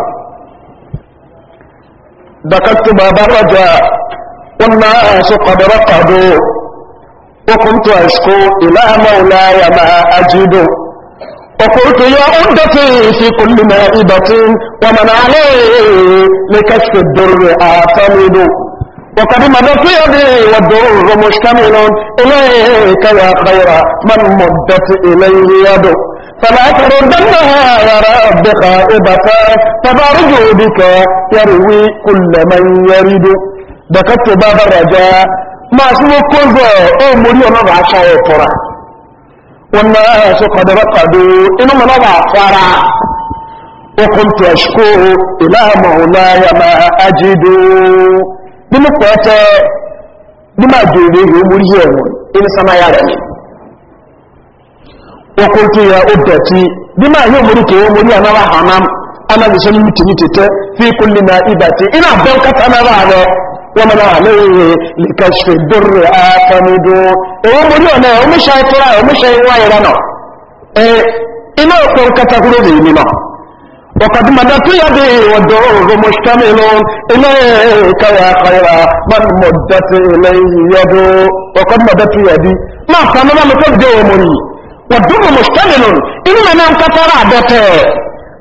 دكت باب الرجاء والناس قد رقدوا وكنت أشكو إلى مولاي ما أجد وقلت يا أمتي في كل مائبة ومن عليه لكشف الدر أعتمد وقد مضت يدي والضرور مشتمل إليك يا خير من مدت إليه يده فلا تردنها يا رب خائبة تبارج بك يروي كل من يريد دكت باب الرجاء ما سوى كوزا أو مريم أبعشا وطرا والناس قد رقدوا إنما نضع صارا وكنت أشكو إلى مولاي ما أجدوا nínú kan tẹ bí máa jò ìwé ìwé orí ẹ̀wọ̀n inú sanáyà rẹ̀ ni wọ́n tí ya ó dẹ̀tí bí máa yóò mórí kèé mórí anára hàná anábìsẹ́ ní mìtìmí tètè fi kú lè na ibà tí iná bọ́n kátà anára rẹ̀ wọ́n mọ̀ náà léèrè lìkà ṣe dóró afẹnudó èwo mórí ọ̀nà ẹ̀ oníṣẹ́ ìtura ẹ̀ oníṣẹ́ ìwá ìrànà iná ọ̀pọ̀ kátà kúrò وقد مدت يدي والدور مشتمل إليك يا خير من مدت إليه يده وقد مدت يدي ما كان ما متبدي والدور مشتمل إما نام كفر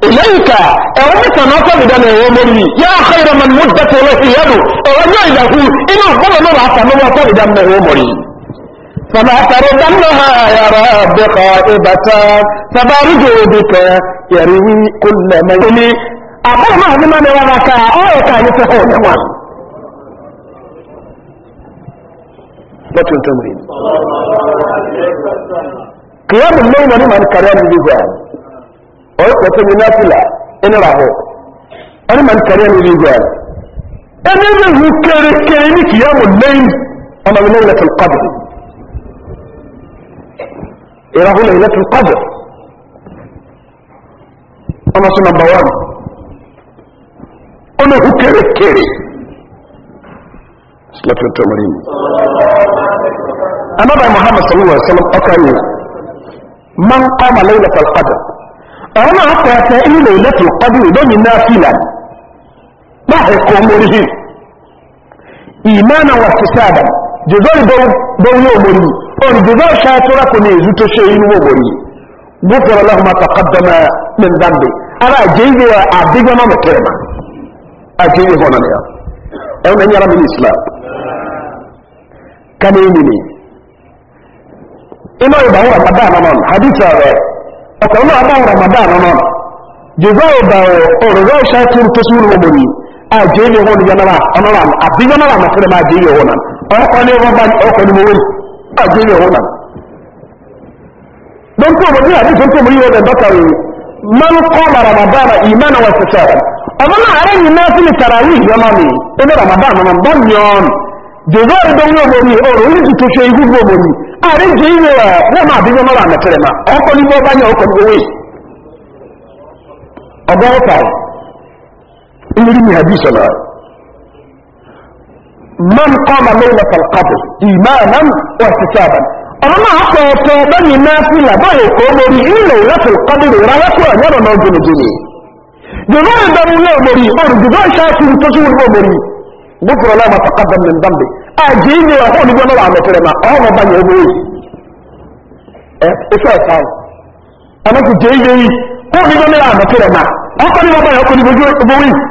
إليك أولك ناقب دم ومري يا خير من مدت إليه يده أولك إله إنه قبل نرعك نواتب دم فما تردنها يا رب قائبة فبارجو بك يروي كل من أقول ما هذا من وراك أو كان يتحول نوان بطل تمرين قيام الليل لما نكرر للجوان أو كتب نافلة إن راهو أنا من كرر للجوان أنا من كرر كرر قيام الليل أنا من ليلة القدر إله ليلة القدر أنا سنة بوان أنا هكري كري صلاة التمرين أنا بأي محمد صلى الله عليه وسلم أكاني من قام ليلة القدر أنا أكاتي ليلة القدر دون نافلة ما هي قومره إيمانا واحتسابا جزاء دو, دو يوم olùdìbò ṣàtúrà kò ní èzú tó ṣe inú wòwò yìí gbogbo ọlọ́run na tàkàdọ́mọ ní ara àjẹyẹ àdégbọ́n náà mẹ́kẹ́rẹ́ ma a hàn náà ẹ̀wọ̀n ya ara mi ní islam na. ìmì ni iná ìbà wọn ramadan náà hadith rẹ ọkọ̀ náà bá wọn na ma ni mo ba je ne wannan don to mun yana cikin to mun yi wannan baka yi man qama ramadana imana wa tasara amma na aran ni na fi tarawih yama ne ina ramadan man ban yon jezar don yo mo ni oro ni to she igu mo ni are je ni wa na ma bi ma ra na Man ọna na aọ ọ nyi na a la aahe ka omri hụna yaụ ara aha l ya na na ologo jnha ne oi a aụ ti g obo a a an a anacra na ak agbanye k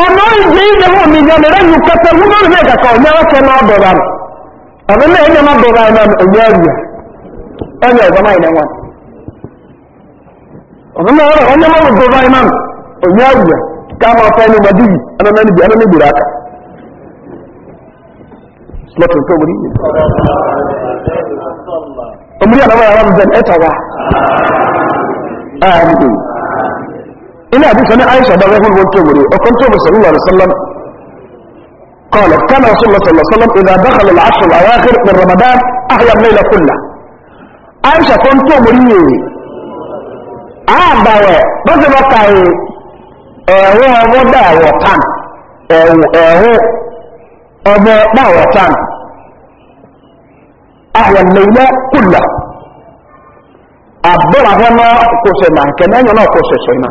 ọ̀nà ìjẹ́ ìjẹ́ wọn mi jẹ́ lẹ́rẹ́ yìí kẹtẹ́ wúlò ní ẹ̀kàkà ọ̀nà ẹ̀kẹ́ náà dọ̀rọ̀ àmì ọ̀nà náà ẹ̀yẹ máa dọ̀rọ̀ àmì ẹ̀yẹ ẹ̀yẹ ẹ̀yẹ ọ̀gbọ́n máa ìnẹ̀wọ̀n ọ̀nà náà ọ̀rọ̀ ọ̀nà máa dọ̀rọ̀ àmì ẹ̀yẹ ẹ̀yẹ ká máa fẹ́ ní wàdí yìí ẹ̀nà náà níbi ẹ̀nà níbi ràkà slọ́tún tó ina bi sanin aisha da rahul wanke wuri akwai tobe sallallahu alaihi wasallam قال كان رسول الله صلى الله عليه وسلم اذا دخل العشر الاواخر من رمضان احيا الليل كله عائشة كنت مريني اه باوى بس بقى اه هو ابو دا وطن آه،, اه هو ابو دا وطن احيا الليل كله ابو رحمه كوسينا كان انا كوسينا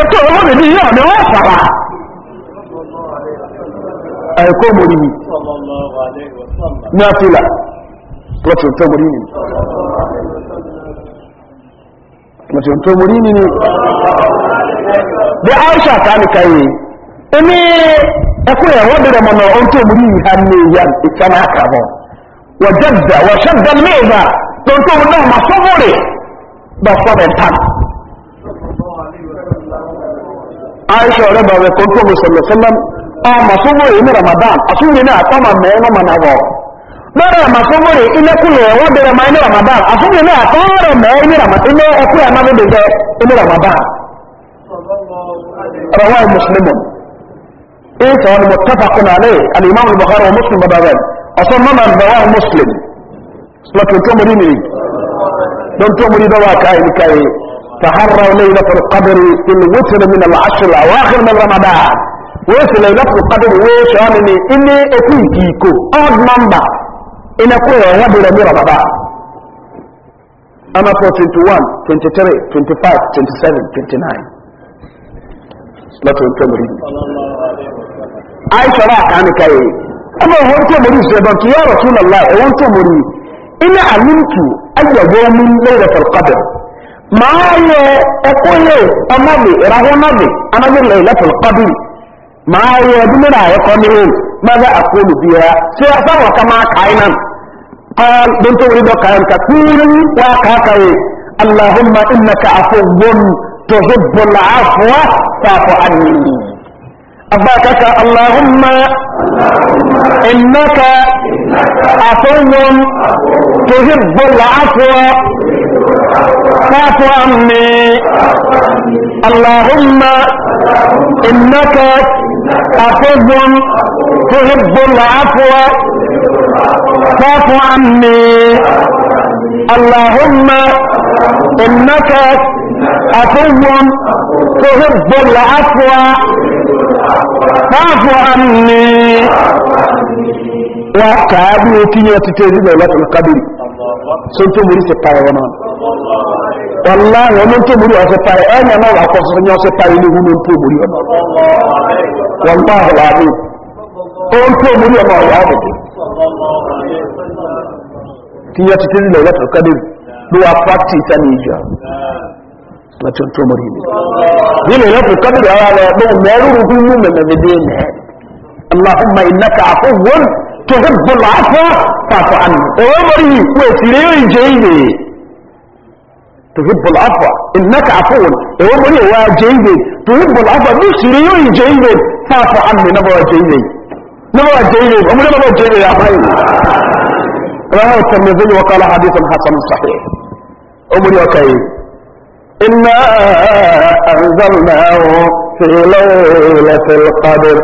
ẹ̀kọ́ olóòrè ní yíò ní wọ́n sàrà ẹ̀kọ́ mori ni ní àfíìlà lọ́tún tó mori ni lọ́tún tó mori ni ni bí aisha ta ní káyé ẹni ẹkọ́ yẹ bẹ̀rẹ̀ mọ̀nà ohun tó ni ha ní ìyá aisha ọrẹ bàbá ẹkọ tó bó sọlọ sọlọ ọmọ sọwọ èyí ní ramadan àsúnwìn náà àtọmọ mẹrin ọmọ náà wọ lọ́rọ̀ ẹ̀mà sọwọ rẹ̀ ilẹ̀kùnlẹ̀ ẹ̀wọ́ bẹ̀rẹ̀ máa ní ramadan àsúnwìn náà àtọwọ́rọ̀ mẹ́rin ní ramadan ilé ẹkú ẹ̀ máa bẹ̀rẹ̀ jẹ́ ní ramadan. rọwọ́ mùsùlùmù ń sọ wọn mọ̀tẹ́fà kùnà lé alimami buhari wa muslim bàbá rẹ̀ ọ̀sán mọ́mà bàbá muslim lọ́tún tó mọ̀ سهروا ليلة القدر في الوتر من العشر الأواخر من رمضان ويس ليلة القدر ويش أنني إني أكون كيكو أود نمبر إن أكون يهدر من رمضان أنا 21, 23, 25, 27, 29 Na ohun tó mú aisha ra aka kai amma ohun tó mú rí su ẹban kí yára tún lallá ohun ina min máa yẹ ẹkọ yẹ ọmọbi ìrahùnmọbi anábìlẹ ìlẹtùn kọbi máa yẹ ẹdúnmìnà ẹkọ nìyẹn mẹfẹ àkóòlù bí ya ṣé afáwọn ká máa kàá iná قال بنت اريد كلام كثير وكاكاي اللهم انك عفو تحب العفو فاعف عني أباتك اللهم إنك عفو تهب العفو فاعف عني اللهم إنك أخذ تحب العفو فاعف عني اللهم إنك أخذ تحب العفو فاعف عني وكابي تيجي تتريد لك القبيل sun tó múrí sí parí wọn náà wọ́nlá wọn tó múrí ọ̀sẹ̀ parí ẹ̀yẹ náà wà kọ́ sọ́sọ́ ní ọ̀sẹ̀ parí ní ìhun tó múrí ọ̀nà wọ́nlá ọ̀lá àbí ohun tó múrí ọ̀nà ọ̀lá àbí kí yẹ títí nílẹ̀ yẹ tọ̀kọ́ dé ló wà pàtì ìtàní ìjọ láti tó múrí mi nílẹ̀ yẹ tọ̀kọ́ dé ara rẹ̀ lóhùn mẹ́rù rúdú mú mẹ́mẹ́mẹ́dé mẹ́ اللهم انك عفو تحب العفو فاعف عنه ويمره ويسيريه جيدي تحب العفو انك عفو ويمره وجيدي تحب العفو ويسيريه جيدي فاعف عنه نبوى جيدي نبوى جيدي هم نبوى جيدي يا أخي رواه الترمذي وقال حديث حسن صحيح أمري وكي إنا أنزلناه في ليلة القدر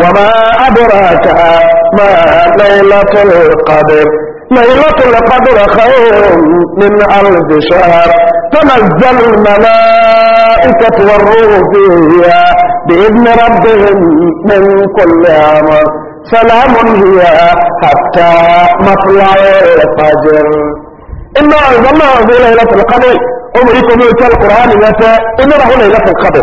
وما أدراك ما ليلة القدر ليلة القدر خير من ألف شهر تنزل الملائكة والروح فيها بإذن ربهم من كل أمر سلام هي حتى مطلع الفجر إن أعظم في ليلة القدر أمريكم يؤتى القرآن يسا إنه ليلة القدر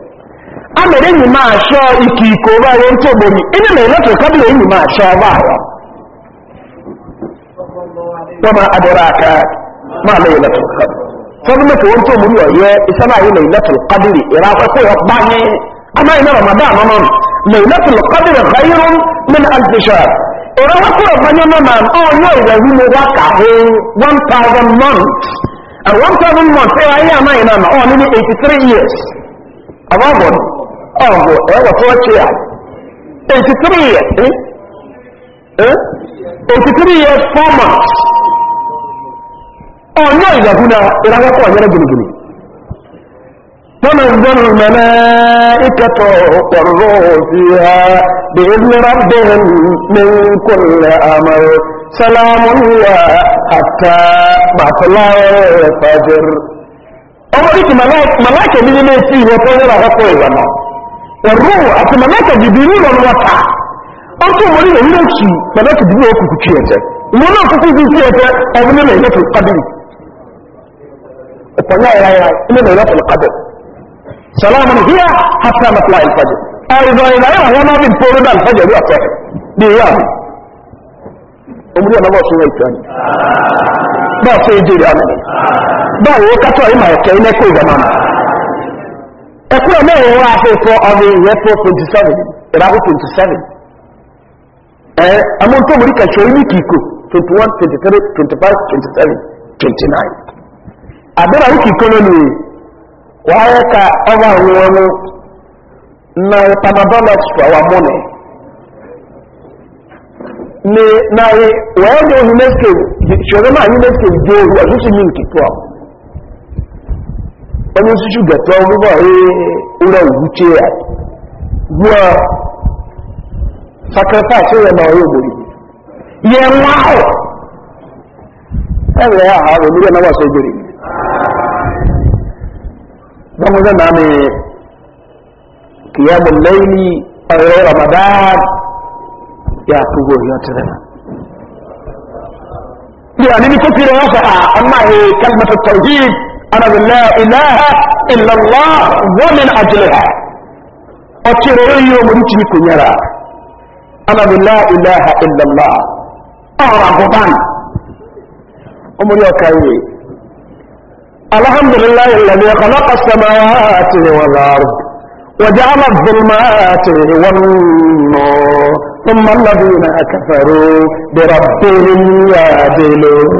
a mere enyi m achọ ike iko ọrụ ntụ ogbonyi enye mere lọtọ kabụl enyi m achọ ọba ahụ aka ma ala mmefu ogbonyi ọhịa na anyị na akwụkwọ ya amaghị na ramadan nọ na ilatul kabụl ghairu min alfishar ira akwụkwọ ya gbanye nọ na onye ọrịa ime waka hụ 1000 months and months ọ̀gọ̀ ẹwà tó wáṣẹ́ yà 83 years eh eh 83 years four months ọ̀nà ìgbàgbúnà ìrànlọ́pọ̀ ọ̀nyẹ́rẹ́ gbùnùgbùnù تنزل الملائكة والروح فيها بإذن ربهم من كل أمر سلام هي حتى مطلع الفجر ọmọdé tí màláìkì ní ilé tí ìwọ̀n tó rẹ̀ àwọn ọkọ̀ ìwọ̀n náà ọ̀rọ̀ àtìmọ̀ a dìbì ní ìrọ̀lọ́ wọ́ta wọ́n tó wọlé ìwé lẹ́sù pẹ̀lú dìbì ó kùkù kí ẹ̀tẹ́ ìwọ́n náà kúkú kú kí na ọdún nílẹ̀ ya hiya ya ya ya na ba su wai tani ba ka ai ẹ̀kọ́ ẹ̀mọ́ ìwọ̀n wá afẹ́fọ́ ọmọ ìyẹn fọ́ 27 ìràwọ̀ 27 ẹ̀ ẹ̀mọ́ tó mú rí kẹ̀kẹ́ ní kìkò 21 23 25 27 29 àbẹ́rẹ́ àwọn kìkò lónìí wàá yẹ ká ọmọ àwọn ọmọ na panadol extra wà mọ́nì na náà wẹ́ẹ́ ní ohun mẹ́sìkè ṣọ̀rọ̀ náà ní mẹ́sìkè jẹ́ òru ọ̀ṣunṣun yìí kìkò àwọn ẹni tí ṣùgbẹ̀ tó rúbọ̀ rí orí ìwúché ẹ̀ gbọ́ sakrata tí ó yẹ náà yóò borí yẹ wá ọ̀ ẹ̀rẹ̀ àárọ̀ lórí ẹ̀nà wà sọ ìbèrè gbọ́mọdé náà ni kìyàmù lẹ́yìn ọ̀rẹ́ ramadan yà kúgbò yọ tẹ̀rẹ̀ yà ní ní kó tẹ̀rẹ̀ wọ́n sọ àmà ẹ̀ kalmata tawhid أنا لا إله إلا الله ومن أجلها أتروني يوم رجل كنيرا أنا لا إله إلا الله أعرف غضان أمري أكاوي الحمد لله الذي خلق السماوات والأرض وجعل الظلمات والنور ثم الذين كفروا بربهم يعدلون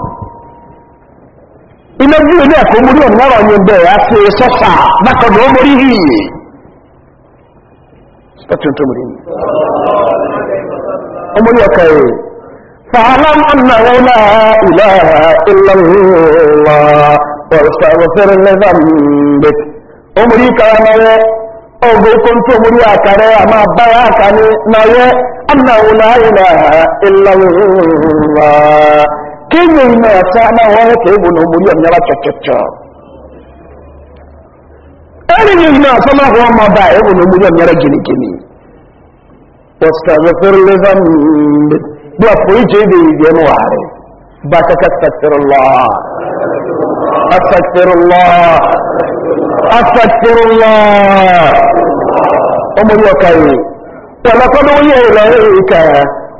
ilé bí ilé ẹ̀kọ́ mórí ọ̀nà ọ̀rọ̀ yẹn bẹ̀rẹ̀ àti sọ́fà bákanà ó mórí hì ọmọdé ọkà ẹ̀ fàálàm ọ̀nàwó náà ilá ìlànà ọ̀sàwọ̀fẹ́rẹ́ lẹ́gbàmbẹ̀ ọmọdé karamẹ́rẹ́ ọgbẹ́ kọ́ntọ́ mórí àkàrẹ́ àmà báyà àkàní náà yẹ ọ̀nàwó náà ilá ìlànà kenye ina ya sana wawo imeata nawoheka ibuno omulyo nyabacococo erinye imeasa nahoamaba ibuno omulyo nyaraginigini واستغفر لذنبك بأقوي جيبي ينواري بكك استغفر Allah استغفر الله استغفر الله أمر يكي ولقد وهي إليك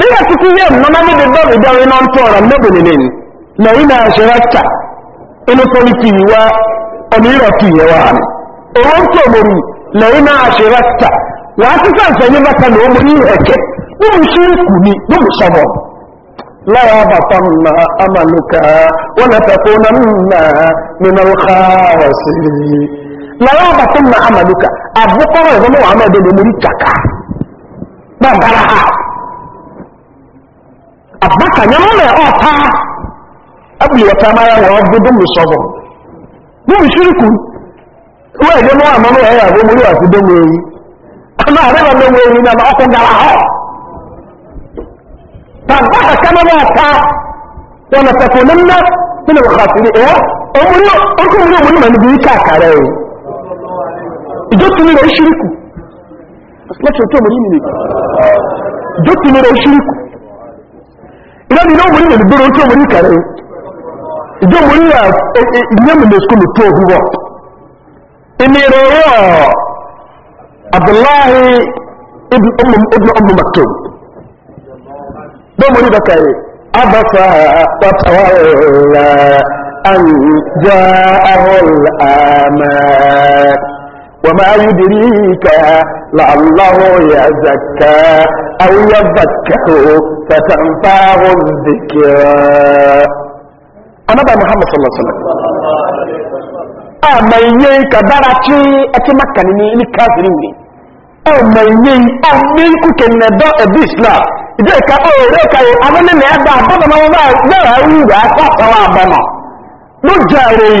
nígbà tí kú yẹn mọ́mọ́ níbi bọ́ọ̀lù ìdáwé náà ń tọ́ ọ̀rọ̀ lóbìnrin ní lẹ́yìn náà ṣe rẹ́ta inú pọ́lí fi wá onírọ̀ fi yẹ wá ní owó ń tó mọ́rí lẹ́yìn náà ṣe rẹ́ta wàá tí sáǹsẹ̀ ní bàtà ní omi ní ẹ̀kẹ́ nínú ṣe ń kù ní amaluka wọn lè tẹ̀kọ́ nà nà nínú káàrọ̀ sí abaka nyama na ọta abuli ọta mara wọn ọdún mi sọgbọ mímu ṣíríkù wọn èdè mọ àmọ ama ẹyà bó múlò àti dé wọnyí àmọ àrẹ́bà mi wọnyí náà ọkọ gara họ tàbá kàkánná náà ta wọn na tẹkọ ní nná tí na wàhà sí na ọmọlẹ ọkọ mi náà wọn ní màmí bí ká yi mi ìdáni ilé òmùrí yẹn gbèrò tí òmùrí kàrẹ ìjọ òmùrí yà ìyẹn mi lè skúlù tó òwúrọ̀ ìní ìrọ̀rọ̀ abdullahi ibn ọmọ maktoum bọ́ọ̀mùrí bàtà yìí abasa tatawalla an ja'ahu al-amal وما يدريك لعله يزكى أو يذكر فتنفعه الذكرى أنا بقى محمد صلى الله عليه وسلم أمني كبرتي أتمكنني لكافرين أمني أمني كنا دا بإسلام إذا كأو ركع أمني ما يبدأ بدل ما يبدأ لا يوجد أساس ولا بنا نجاري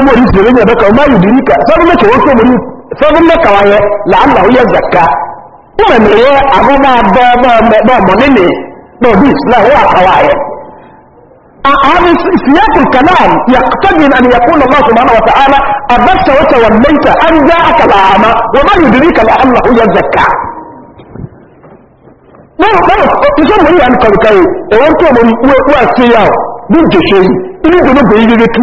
ọmọ yìí sì lóyún ẹ̀bẹ́ka ọmọ yìí dìrí ká sọ́dún mẹ́kẹ̀ wọ́n sọ́dún yìí sọ́dún mẹ́kẹ̀ wá yẹ làálà ó yẹ zaka ọmọ mi yẹ àwọn máa bọ́ bọ́ ọmọ nílé náà bí islam wà káwá yẹ. هذا سياق الكلام يقتضي ان يقول الله سبحانه وتعالى ابست وتوليت ان جاءك الاعمى وما يدريك لعله يزكى báwo báwo ṣe mọ̀ ní àǹkọ̀ọ̀kọ̀ ẹ̀wọ̀n tó mọ̀ ní wọ́n ṣe yà ó ní ìjọṣẹ́ yìí inú ìdòdó gbèyí rere tù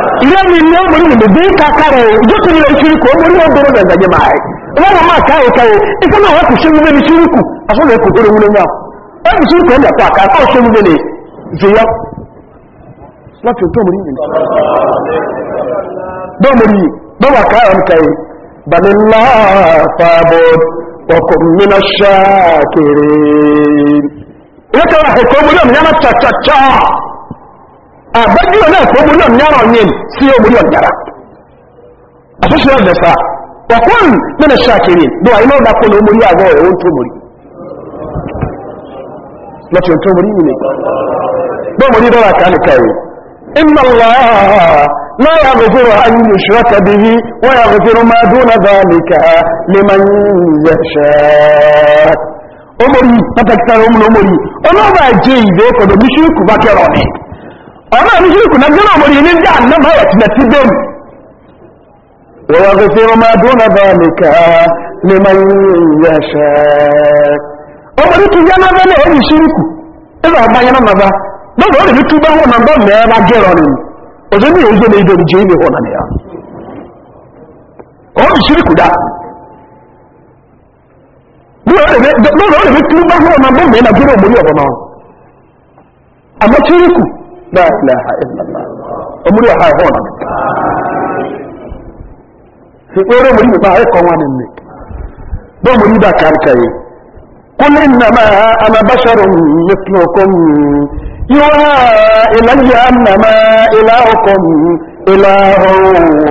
ilé mi ní ọmọ yìí lòdì kakara yìí jókòó ndị ìṣirikù ọmọ yìí ọdún ọdún ẹgbẹ̀jẹ̀ máa yìí wọn wọn máa káyọ káyọ ìfẹ́ náà wọn kò ṣe wúlé ní ìṣirikù àṣọlẹ̀ kò tó lè wúlé náà wọn kò ṣirikù ọmọ ẹ̀kọ́ àbájú náà tó múlò náírà yẹn sí omúlò náírà àṣíṣe ọ̀dẹ̀ fa ọ̀kún na ṣàkiri bí wàá iná ọ̀dà kọlọ̀ omúlò àgọ́ ẹ̀ ohun tó múlò lọ́tí ohun tó múlò yìí ni bọ́ múlò dọ́wà ká ní kẹrì inna allah la yaghfiru an yushraka bihi wa yaghfiru ma duna dhalika liman yasha omori patakitara omori ọ̀nà ní ṣírí kùnà jẹ́ ọmọ ìní jẹ́ ànábà ẹ̀tìnà tí dé mú wọ́n fi fi ọmọ adúnà bá nìkà ń ṣẹ́ ọmọ tún ó lè fi náà bọ́ọ̀lù gẹ̀rọ ni òjò ní jẹ́ nìyà dá ó lè fi náà bọ́ọ̀lù لا إله إلا الله أمري وحاي هون في أوري مريد ما هيك قوان منك دو مريد كاركاي قل إنما أنا بشر مثلكم يوحى إلي أنما إلهكم إله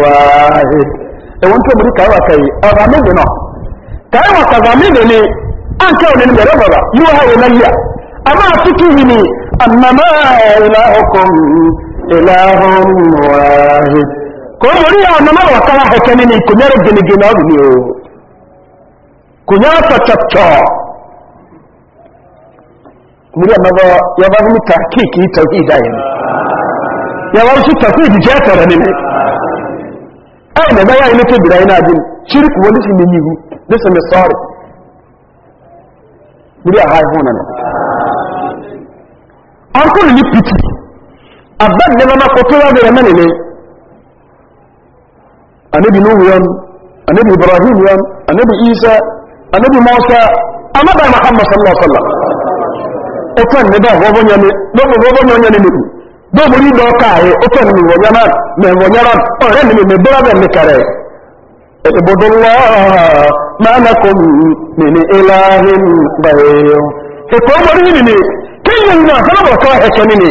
واحد ewu ntọ mụrụ ka ịwaka yi ọzamịdị nọ ka ịwaka ọzamịdị ni a nke onye mere bọra yiwu ha wee na yi a ama atụtụ ni أنما إلهكم إله واحد كم لي أنما وكلا حكمني كنا رجل جنابني كنا فتشتشا muri amaba yabaho imitahkiki y'itawhida yene yabaho shi tawhidi jatara ne ai ne baya ne tibira ina jin shirku wani shi ne yihu dasa ne sare muri a haihu na ne ọkùnrin ní lipiti àbẹ́bìnrin máa máa kọtọ́ lábẹ́ rẹ̀ nuhu yẹn anábì ibrahim yẹn anábì isa anábì musa amada muhammad sallallahu alaihi wasallam ọkọ ní bá wọ́wọ́ yẹn ní wọ́wọ́ yẹn ní nìkú bóòmù rí lọ káàyè ọkọ ní wọ́n yẹn na mẹ́wọ́ yẹn náà ọ̀rẹ́ kíni ìrìnà sọ́lọ́bọ̀ kọ́ ẹ̀ṣẹ́ nínú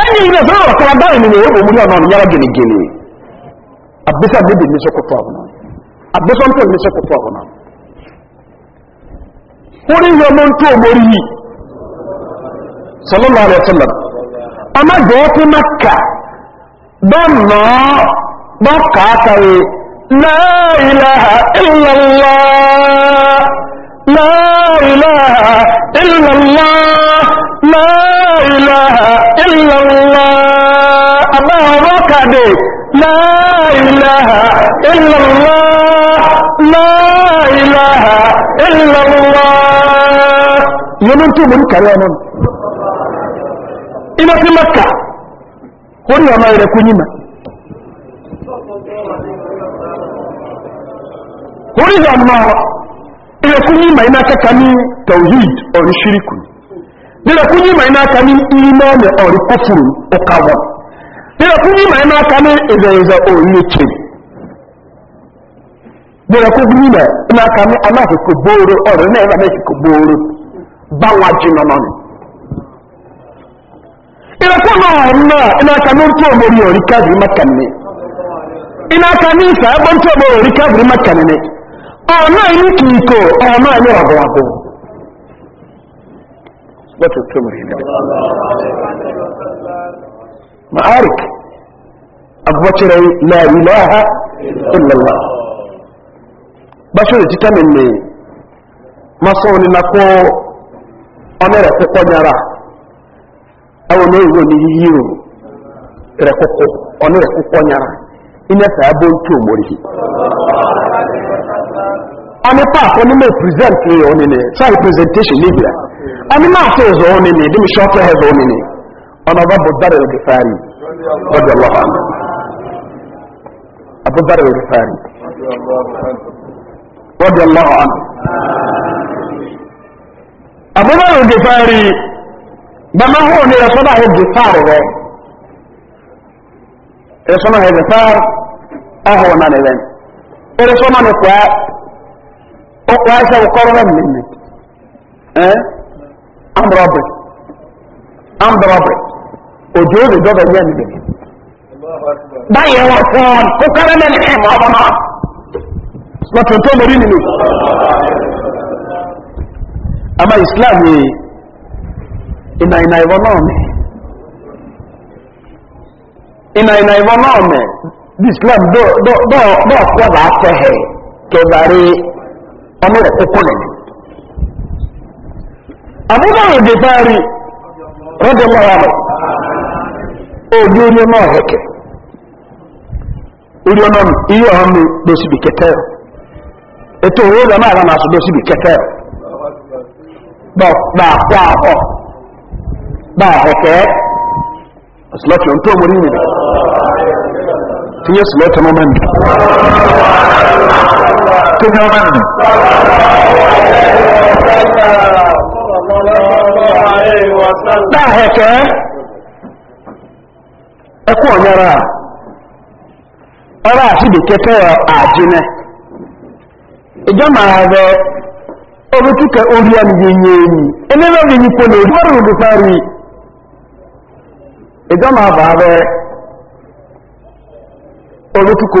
ẹni ìrìnà sọ́lọ́bọ̀ kọ́ agbáyìn nínú ẹ̀rọ òmúrí ọ̀nà yára gẹ̀lẹ̀gẹ̀lẹ̀ àbísà níbi ní sọ́kọ̀tọ̀ ọ̀nà àbísà ń tẹ̀lé sọ́kọ̀tọ̀ ọ̀nà orí yọ mọ́ tó mórí yìí sọlọ́lọ́ rẹ̀ sọlọ́ ọmọ jẹ́ tí maka bọ́ọ̀nà لا إله إلا الله الله ركبي لا إله إلا الله لا إله إلا الله يمن من كلام إما في مكة قل يا ما يكون يما قل يا ما يكون يما إما كتني توحيد أو شرك dịrị kwunye ma n'aka n'ime na ọrụ kọfuru ụkawọ dịrị kwunye ma n'aka n'ịzọrịzọ oyiche dịrị kwunye ma n'aka n'anaghịkọ na ọrụ na-ebe anaghịkọ gboro bawa ji nọ n'ọnụ dịrị kwunye ma n'aka n'otu omori ọrụ kabiri maka nne ịnaka na ebe ntụ omori ọrụ kabiri maka nne ọ naghị iko ọ naghị wata tumuri ne ma'arik abubacirai la ilaha illallah ba shi da ne masu wani na ko ọmọrẹ kọkọ nyara awon ne iwo ni yiyi o rẹ kọkọ ọmọrẹ kọkọ nyara ina sa ntu ọmọ paapọ ni mo present ni ọ nini sorry presentation ni bia ọmọ náà fẹ́ ẹ̀zọ́ ọ nini bí mo ṣe ọkọ ẹ̀zọ́ ọ nini ọmọ bá bọ̀ dára ẹ̀rọ gẹ̀fàárì ọjọ́ ọlọ́wọ́ àná abọ́ dára ẹ̀rọ gẹ̀fàárì ọjọ́ ọlọ́wọ́ àná. abọ́ dára ẹ̀rọ gẹ̀fàárì bàmá hó ni ẹ̀sọ́ náà yẹ gẹ̀fàárì rẹ̀ ẹ̀sọ́ náà وعيشة وقرنا مني اه ام رابع ام رابع وجود جوده يعني بك باي وفون وقرنا مني وابنا ما تنتو مريني نو اما اسلامي انا انا ايوانامي انا انا ايوانامي الاسلام دو دو دو دو كوضع فهي كباري ọmọ rẹ̀ kókó nì ní. àbúrò òde fáárì rọ́dọ̀ lọ́wọ́ rẹ̀ òde orí ọmọ ọ̀hẹ́kẹ̀ orí iye ọ̀hún mi lọ síbi kẹtẹ́ rẹ̀ ètò òwe rẹ̀ máa rà sọ lọ síbi kẹtẹ́ rẹ̀ bá bá kenyomanni náà hẹ̀kẹ́ ẹkú ọ̀nyára ọ̀rọ̀ àṣìdì kẹtẹ́ àjínẹ́ ìjọba ààrẹ olùtúkẹ orí ẹnìyẹnyẹ ẹni ẹlẹ́rọ mi ní polo ìdúró olùfẹ́rí ìjọba ààrẹ olùtúkẹ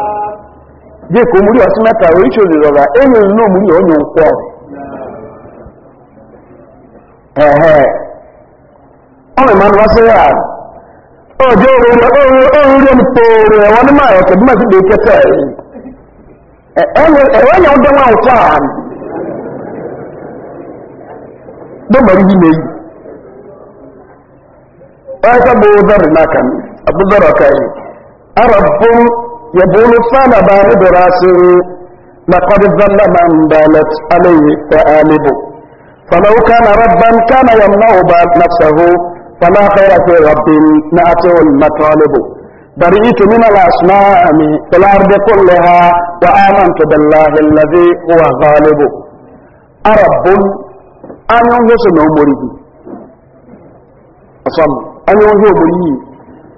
dị ka omuri ọsịmata wee iche olilọra enyere na omuri onye nkwọ ehe ọ na mmanụ wasị ya oje oriri oriri mporo ẹwọn ní máa ọkẹ bí máa ti dé kẹtẹ ẹwọn yẹn ọdọ wọn yi ọ yẹ sọ bọ ọdọ n'aka يقول فانا بارد راسه لقد ظل من بالت عليه التآلب فلو كان ربا كان يمنع نفسه فلا خير في رب نأته المطالب برئت من الأسماء في الأرض كلها وآمنت بالله الذي هو غالب أرب أن سنه مريد أصلا أن ينهس مريد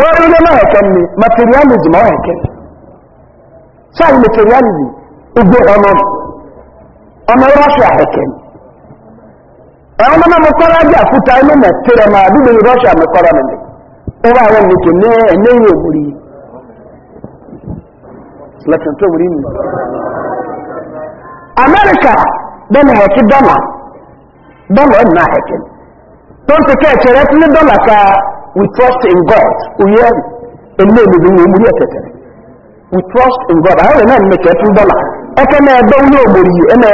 wọ́n ní máa ẹ̀kẹ́ ni materialism ọ̀ ẹ̀kẹ́ sáàyí materialism ugbó ọmọ ọmọ russia ẹ̀kẹ́ ni ẹ̀wọ́n náà mọ́kọ́rọ́ ajé àfúta inú mẹ́tẹ́rẹ̀ máa dúdú ní russia mẹ́kọ́rọ́ nìyẹn ó wà wọ́n ní kìíní ẹ̀yẹ́ òwúrí lẹ́tìn tó wúrí nìyẹn amẹ́ríkà bẹ́ẹ̀ ni ẹ̀kí dọ́là dọ́là ẹ̀ tó ń ti ẹ̀kẹ́ rẹ́ We trust in God. Uyeli. Ele ni ni muri etetere. We trust in God. Ayo na ni ke tun dola. Eke na ebe ni omori, e na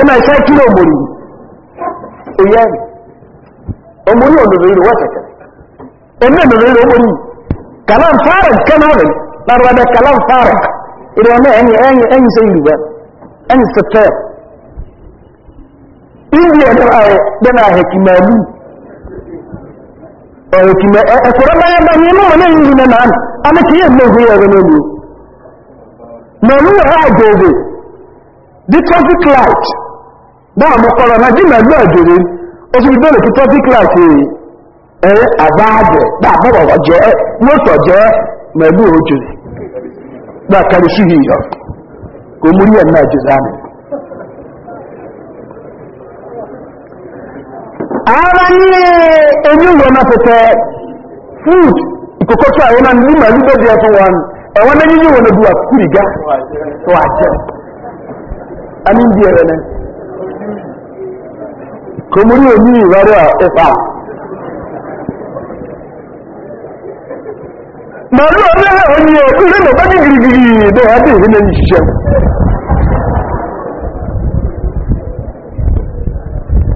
e na se kilo omori. Uyeli. Omori olori ro etetere. Ele ni ni omori. Kalam farak kana be. Larwa da kalam farak. Ile na enyi enyi enyi se yiwa. Enyi se ter. Iye ọ̀rẹ̀kìmẹ̀ ẹ̀kọ̀rọ̀ báyá bá ní mọ́ a ní kí yẹ mẹ́gbé ẹ̀rọ lórí mẹ̀rú ẹ̀rọ àgbègbè di traffic light kọ́rọ̀ náà dínà ó traffic light jẹ́ jẹ́ òjò yìí yọ kò mú náà jẹ́ ara ní ẹni ìwọ̀n náà pẹ̀tẹ̀ food ìkòkò tí àwọn nígbà wọn ẹ̀wọ́n náà nínú ìwọ̀n náà buwà tó àjẹ́ a ní ìdí ẹ̀rẹ̀ náà kò mú ní òní ìwárẹ̀ ẹ̀fà màálù ẹ̀ òní ẹ̀kú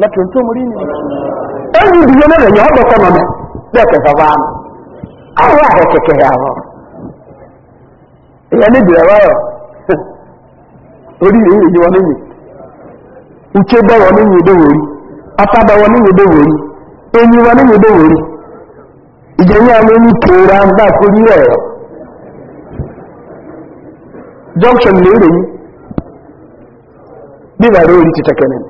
na tó mú rí ni ẹ̀yìn ìdíje náà lẹ́yìn ọ̀dọ̀ kọ́ mọ́mọ́ bẹ́ẹ̀ kẹfà wá mọ́ àwọn àrẹ kẹkẹ yà wọ́ ìyẹn ní ìdílé na orí ìrìn ìyẹn wọn níyì uche bẹ́ wọn níyì ìdówórí ata bẹ́ wọn níyì ìdówórí eyín àwọn ẹni junction lè bí ti nínú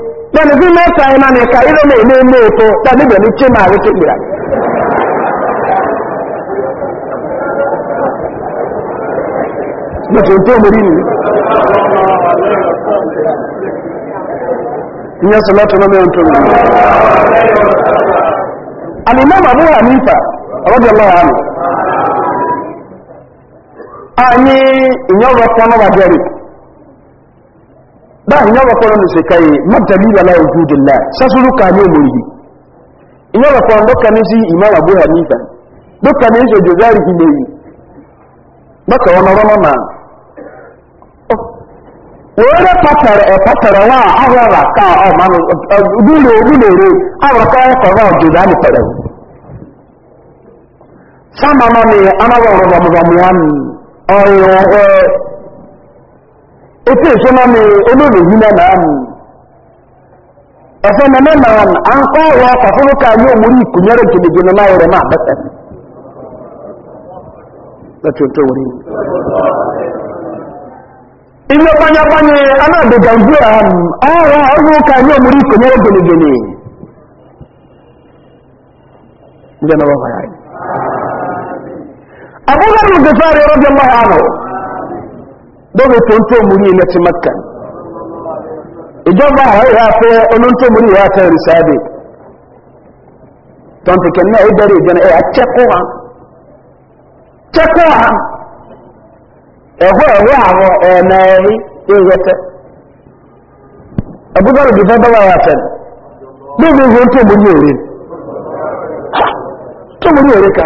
bẹ́ẹ̀ni bí mẹ́ta iná ka ilé lè ní ilé ètò tàbí bẹ̀rẹ̀ tí máa rí tí gbìyà lọ́tọ̀ tó mọ̀rí ni ìyẹn sọ lọ́tọ̀ lọ́mọ ohun tó mọ̀rí alìmọ́mà bó wà ní ìfà ọ̀rọ̀dì ọlọ́wà ánì ààyè ìyẹn rọ̀ ba hinya wa kono se kai mabdali la wujudillah sasuru ka ne mulhi inya wa kono do kan si imam abu hanifa do kan so jozari ki lewi baka wana wana ma wọ́n pàtàrà ẹ̀ pàtàrà wọn àwọ̀rà ká ọ̀mánu a orílẹ̀ ya àwọ̀ká ẹ̀kọ̀rọ̀ ọ̀dọ̀dá ete na mi olóòlù yìí náà nàá mi ọ̀sẹ̀ nana nàá mi à ń kọ́ ọ̀rọ̀ kàfọ́nù ká yóò mú ní ìkùnyẹ́rẹ́ jìnnìjìnnì náà yẹrẹ máa bẹ́tẹ̀ mi lọ́tí ọjọ́ orí mi. ilé pányápányá anáàdéjà ojú ọ̀rọ̀ ọ̀rọ̀ ká yóò mú ní ìkùnyẹ́rẹ́ wọ́n yìí. àbúrò dọ́nà tó ń tó múrí ilẹ̀ ti makka ìjọba àwọn ìhà fẹ́ ya múrí ìhà fẹ́ rìsáàdì na náà ó bẹ̀rẹ̀ ìjọ náà àtẹ́kọ̀ wa tẹ́kọ̀ wa ẹ̀họ́ ẹ̀họ́ àwọn ẹ̀ẹ̀nà ẹ̀rí ìrẹ́tẹ́ ẹ̀bùdó rẹ̀ dìbọn bọ́lá wa fẹ́ lóòrùn ìhò tó múrí òrè tó múrí òrè ká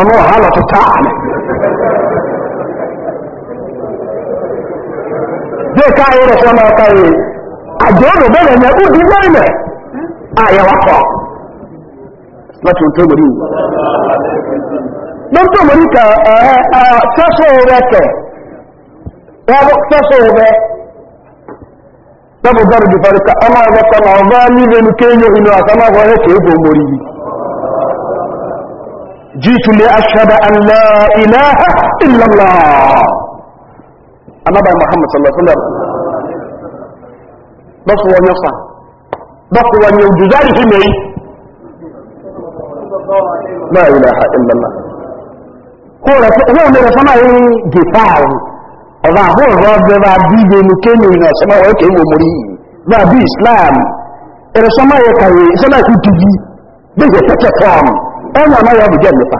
ọ̀nà wàhálà tó táàlì bí i káàrí rẹ̀ fọ́nà a àjọ́rò bẹ̀rẹ̀ ní ẹkùn dí lẹ́rìnẹ̀ àyẹ̀wà kọ̀ láti tó mọ̀rí ló tó mọ̀rí kà tẹ́sọ̀ rẹ̀ kẹ̀ tẹ́sọ̀ rẹ̀ tẹ́bù gbọ́rù jù fọ́rí ká ọmọ ọgbọ́kọ̀ na ọgbọ́ ní ìrẹnu kéèyàn inú àtàmà ọgbọ́ rẹ̀ kéèkò mọ̀rí جئت لأشهد أن لا إله إلا الله النبي محمد صلى الله عليه وسلم بس هو نصا بس هو يوجداري همي لا إله إلا الله هو هو من سماء دفاع ọba àbúrò rọ́bẹ̀ bá bí i lè kéèmì ìrìnà sọmọ́ ọ̀kẹ́ ìwò mórí bá bí islam ẹ̀rẹ̀ sọmọ́ ẹ̀kàwé ìsọ́lá ìkú tìbí bí i fẹ́kẹ̀ẹ́ fọ́ọ̀mù ọmọ ọmọ ya bùjẹ́ nípa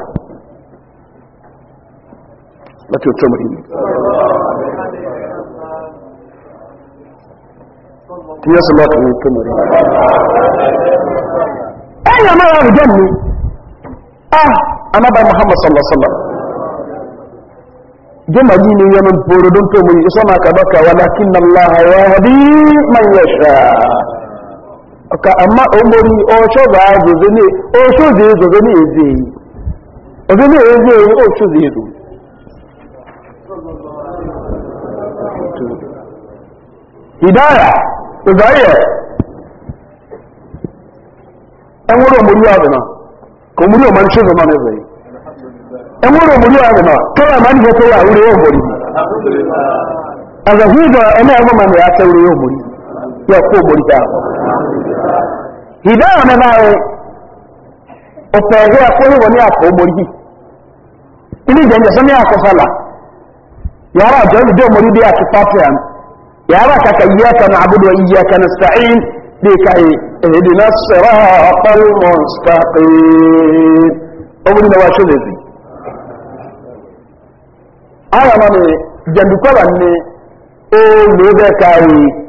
láti ọ̀tọ́ mọ̀ ìlú tí yẹ́ sọ láti ọ̀tọ́ mọ̀ ìlú ẹ̀yìn ọmọ ya bùjẹ́ ní ah anábà muhammad sallasalla jọmọ yìí ni yẹnu bòrò don tó mọ̀ ìsọ́nà kàbákà wà lákínà láhàwà bí man yẹ ṣáà ka amma omori osho ba gozo ne osho ze gozo ne eze yi ozo ne eze ze hidaya enwere omori ya dina ka omori o manche zo mane enwere omori ya dina to ya mani ya wuru ya omori ene ya mani ya ta omori ya ko omori hidaya na nawe opegea kuri woni ako omori ili jenje somi ako sala yara joli do omori bi aki patran yara kaka iyyaka na'budu wa iyyaka nasta'in bi kai ihdina as-siratal mustaqim omori na washo lezi o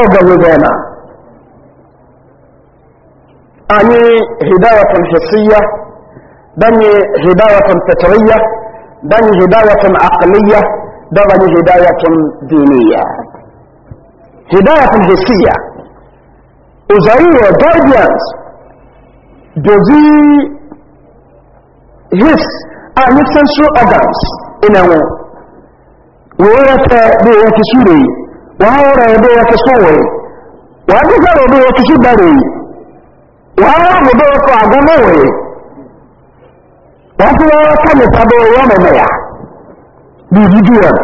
أغلبنا أني هداية حسية دني هداية فطرية دني هداية عقلية دني هداية دينية هداية حسية أزعير guidance دوزي هس and سنسو organs إنه a way. Whereas the Yankee Wa ẹ̀dọ́ ebe ya sọ̀wẹ̀ ya dígbàrà ebe ya kí síbàrẹ̀ yìí wàhálà ẹ̀dọ́ yẹ kí àgọ́mọ̀wẹ̀ wàá tí bí ìdíjú rẹ̀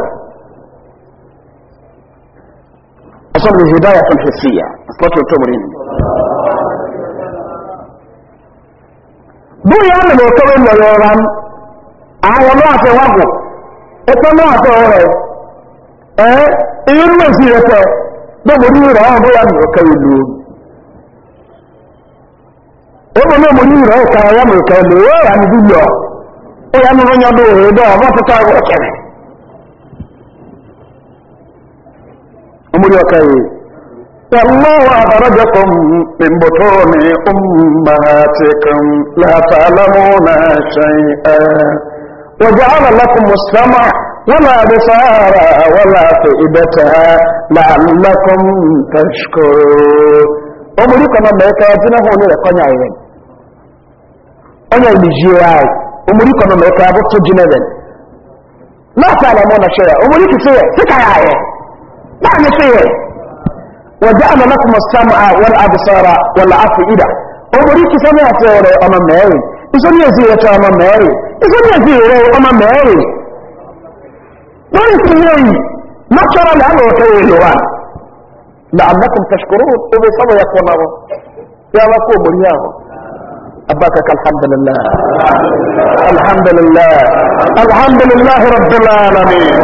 ọ̀sán tó ń fi síyà fọ́tò tó mú nínú. bóyá ee ihe nwe si rẹpẹ lóòmùrí rẹ ọ̀hún ya mìíràn kẹrì lò ó lóòmùrí rẹ ya na kẹrì lò ó yà níbi lọ Ya yà nínú yàn ló rẹ dọ ọmọ tuntun àwọn ọkẹrẹ ọmọdé ya والله أخرجكم من بطون أمهاتكم لا تعلمون شيئا وجعل لكم السمع ولا بصارا ولا فئدتها لعلكم تشكرون omori kama mẹka jina hɔ ne rɛkɔ nya yɛn ɔnyɛ nijie ayi omori kama mẹka aboto jina yɛn n'afɔ na hyɛ yɛ omori ti se yɛ sika yɛ naanị se yɛ wɔdi anana kuma وانتم ما ترى الامر وكيلوان لعلكم تشكرون ابي صبا يقول الله يا لكم اليوم اباك الحمد لله الحمد لله الحمد لله رب العالمين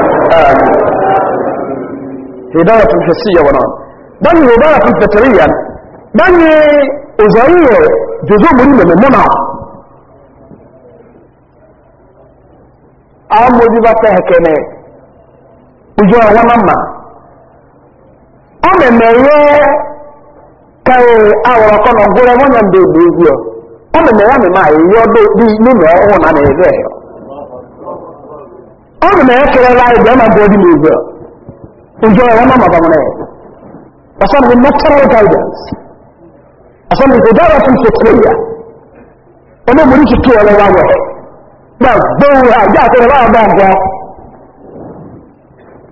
آمين هداية حسية ونعم بل هداية فطرية بل أزعير جزء من المنع أعمل دي بطه ụjọ ọwana ma ọ na-emeghe ka na ọgwụrụ ebe onye mbe egbe egwu ọ na-emeghe anyị ma ihe. dị n'ụlọ ọhụụ na na ya ọ na-emeghe kerela ebe ọma bụ ọdị n'egwu ụjọ ya ọsọ bụ natural guidance ọsọ bụ ụjọ ọwa tụ ya ọ na-egburu nsọtụ ọrụ na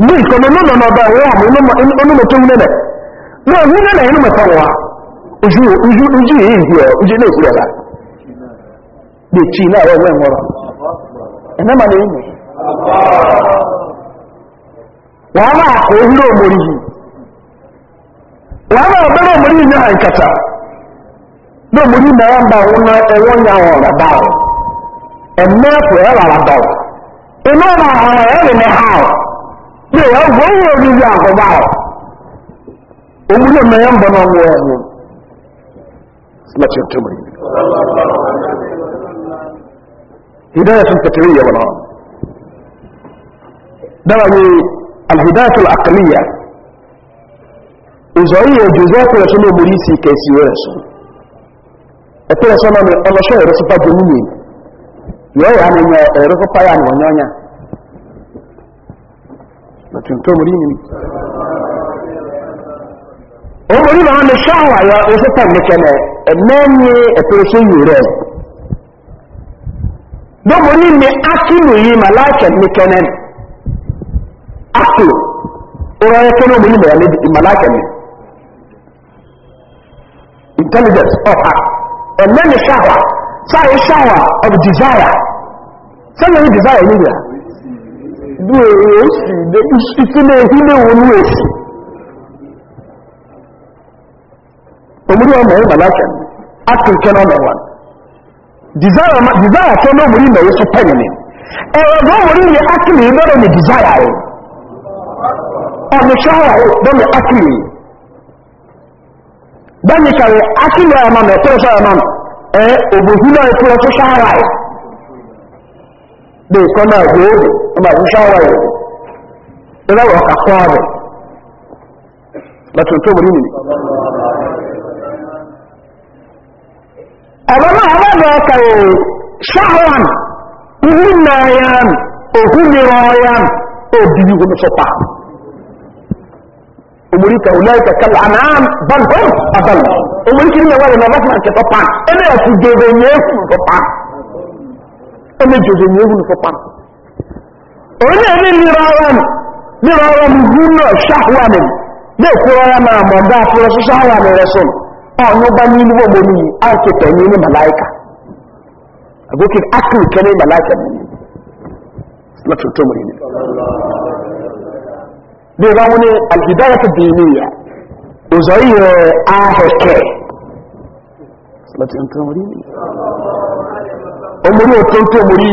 ní ìkọ̀nà náà nọ̀dọ̀ ẹ̀wọ́ àmì onímọ̀ tó ń lẹ́lẹ̀ náà ní lẹ́lẹ̀ inú mẹ́ta wà na yìí ìhù ẹ̀ ojú ilé ìhù ẹ̀lá lè tí iná ẹ̀wọ́ ẹ̀wọ́ ẹ̀wọ́ ẹ̀nẹ́mà ní ìmù wọ́n máa kò ń lò mórí yìí wọ́n máa bẹ́rẹ̀ mórí yìí náà ìkàtà ló mórí mẹ́wàá ń bá wọn náà ẹ̀wọ́ ń pé wọ́n wọ́n wọ́n ní ìyá àkọ́bá ọ̀ òmùlẹ̀ mẹ́yàn bọ̀ náà wọ́n ẹ̀hún láti ọ̀tọ́ mọ̀ yìí hidayah tún tẹ̀tẹ̀rẹ̀ yẹ̀ wọ́n dára ní alhidayah tún àkàlíyà ìzọ̀ yìí ojú ìzọ̀ tó rẹ̀ tó ní omori sí kẹsì rẹ̀ sọ ẹ̀tọ́ rẹ̀ sọ́nà ni ọlọ́ṣọ́ ẹ̀rọ sípá jẹ́ nínú yìí yọ̀ọ́ yà á ní ẹ̀rọ sípá yà ní ọ̀nyọ́nyà na tuntun mori ni o mori ma ne shawa ya o se tan meke ne e me ni e pe se yure do mori ni akilu yi malaika meke ne akilu o ra ke no mori ma ya ni malaika ni intelligence of heart and e then the shower sorry e shower of desire sorry e desire anywhere bí èrè ó sì dé ìṣíkílẹ̀ ìhílẹ̀ èsì omúrí ọmọ ẹ̀ màláṣẹ̀ àti ìkẹ́nà ọmọ wa desire kẹ́ náà omúrí mẹ̀rẹ́ sọpẹ́ ẹ̀rọ náà omúrí ní akílì lọ́rọ̀ ní desire rẹ̀ ọmọ ṣọ́ra lọ́rọ̀ ọba ìṣọ́wọ́ yìí ẹgbẹ́ wọ̀ kakọ́ ọ̀rẹ́ lọ́tún tó wọlé nìyí. ọ̀rọ̀ náà wọ́n lọ kàwé ṣáwọn ihu nọọyan òhu nìrọọyan òbí ihu nìfọpa. omori ka wulẹ̀ kẹkẹ lànàm bàbá àbàlù omori kiri na wàlẹ̀ nàbà fún àkẹtọ̀ pan ẹnna ẹ̀kú jòdò nyẹ́ fún nìfọpa ẹnna jòdò nyẹ́ fún nìfọpa. onye ne nirawan nirawan zuno shahwanin ne kuro ya ma mo da furo so shahwanin rasul onyo ba ni lubo mo ni an ke tanyi ni malaika abokin akil kene malaika ni na tuto mo ni de ba woni al hidayat diniya uzayi aheke na tuto mo ni omuri otonto mo ni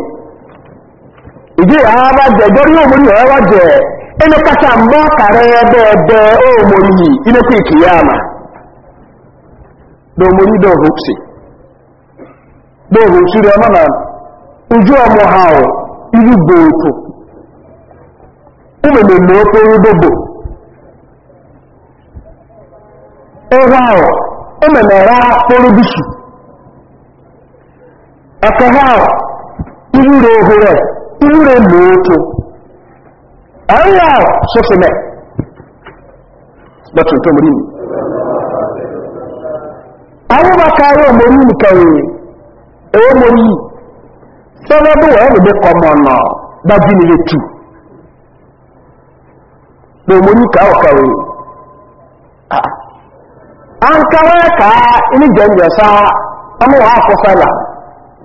ìdí ààbá jẹjọ́ rí òmúrí ọ̀rọ̀ jẹ ẹni kàtà mọ́ kàrẹ́ bẹ́ẹ̀bẹ́ òmòrí inúkú ìkìyàmà lòmòrí dọ̀rọ̀sì lòrọ̀sì ojú ọmọ ha gbòòtò na okporo dobo ebe ahụ ụmụmere akpụrụ bisu aka ha iru ure lóòtó ọ̀rọ̀ sọ́fẹ́lẹ̀ bọ́tù tó mú rí mi àwọn bá káàrọ̀ ọmọ orí mi kẹrì owó mọ̀ ọ sọ́rọ̀ bí wọ́n ọ nọ ọ̀nà dájú nílé tù ọ mo ní káàrọ̀ kẹrì ka ń káwẹ́ ká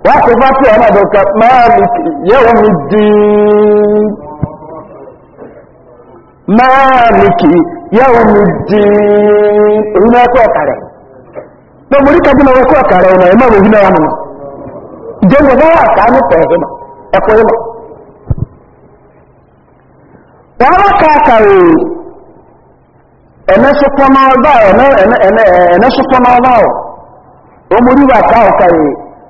wáṣẹ fásitì ọ̀nà dọ̀kà máàlìkì yẹ́wò mi dín máàlìkì yẹ́wò mi dín òun náà kọ́ ọ̀kàrẹ̀ tó mú ríkà jùlọ ọkọ̀ ọ̀kàrẹ̀ ọ̀nà ẹ̀mọ́ òun náà nù jẹ́wọ̀ bá wà ká ní pẹ̀lú ẹ̀mọ́ ẹ̀kọ́ ẹ̀mọ́ wọ́n wá ká àkàrẹ̀ ẹ̀mẹ́sùpọ̀ náà ọ̀dọ́ ẹ̀mẹ́sùpọ̀ náà ọ̀dọ́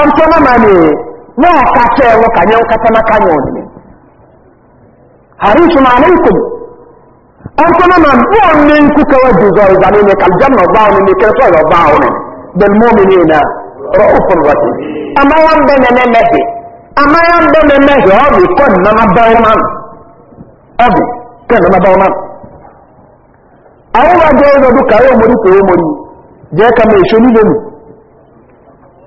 ọ̀ntọ́nà máa ní wọ́n kàtẹ́ ẹ̀wọ́ kànyẹ́ kàtẹ́ máa kànyẹ́ ọ̀nìyàn àríṣùn àríkùn bụ máa wọ́n ní kúkẹ́wẹ́ jùzọ ìzàní ní kàlùjẹ́mù ọgbà ọ̀nì ní kẹfẹ́ ọgbà ọ̀nì bẹ̀lmọ́mì ní iná rọ́ọ̀fún wọ́tí amáyán bẹ́ nẹ́nẹ́ mẹ́hì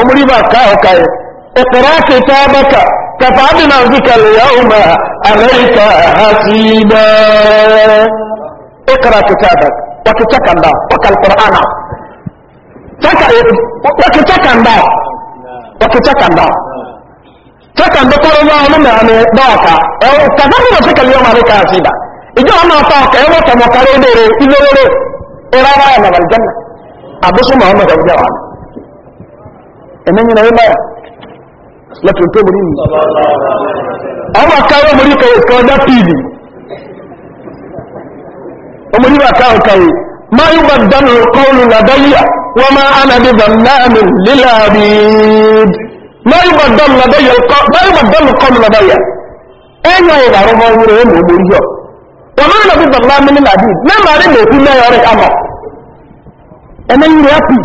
omuri ba kawo kaye ikra kitabaka kafa bi nafsika al-yawma alayka hasiba ikra kitabak wakitakanda wakal qur'ana taka wakitakanda wakitakanda takanda ko ba mu na ne dawaka kafa bi nafsika al-yawma alayka hasiba ijo ma ta ka yawo ta makare dere ilowore irawa na aljanna abusu muhammad abdullah ẹ̀mẹ́yìn náà na lọ́tún tó mú nínú ọmọ akáwọ́ mú ní kàwé kan ọjọ́ pìlì ọmọ ní akáwọ́ kàwé ma yi dánù kọlù ladayya wa ana bi zannamin lilabid ma dánù ma kọlù ladayya ẹ̀yà ìdàrú mọ́ wúrẹ̀ ẹ̀mọ̀ ọmọ yọ wa ma ana bi zannamin lilabid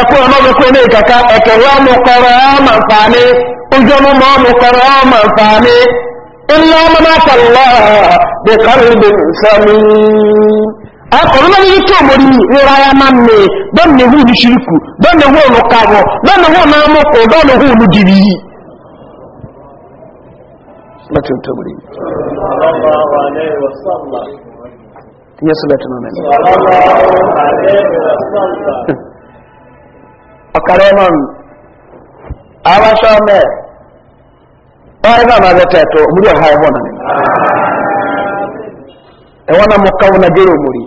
ẹkọ ọmọ gbogbo ní ìkàkà ẹkẹrẹ ọmọ kọrọ ọmọ nfààní ojú ọmọ mọ ọmọ kọrọ ọmọ nfààní ilé ọmọ náà kọlọ bí kọrọ ibi nsọmi. akọrọ náà yìí tó mọ ní rírà ya máa mi bẹ́ẹ̀ ni wọ́n ní ṣíríkù bẹ́ẹ̀ ni wọ́n ní kàwọ́ bẹ́ẹ̀ ni wọ́n náà mú kó bẹ́ẹ̀ ni wọ́n ní jìrì yìí. Lọ́tún tó mọ̀ ní. ọkara ọnụ mi àwọn aṣọ ọmọ ẹ̀ báyìí náà máa bẹ̀tẹ̀ ẹ̀tọ́ òmùrí ọ̀há ẹ̀wọ̀n náà ẹ̀wọ̀n náà mo káwọn nàìjíríà òmùrí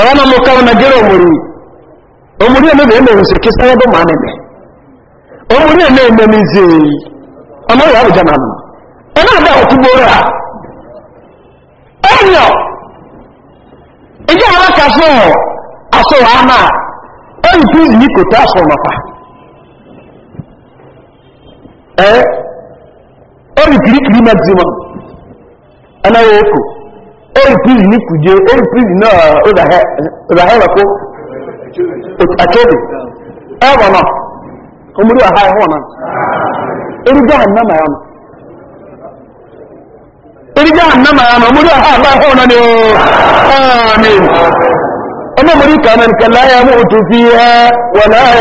ẹ̀wọ̀n náà mo káwọn nàìjíríà òmùrí òmùrí ẹ̀ mẹ́bẹ̀ẹ́ mẹ́rin sì kí sáyẹ́ bó máa ní ní kò tá sọ̀rọ̀ pa ẹ́ orí kìrìkìrì maximum anáwó ẹ̀kọ́ orí prison ní kùjé ni ọmọ mọ̀rí na kàlá ya mú òtù fi ha wà láwà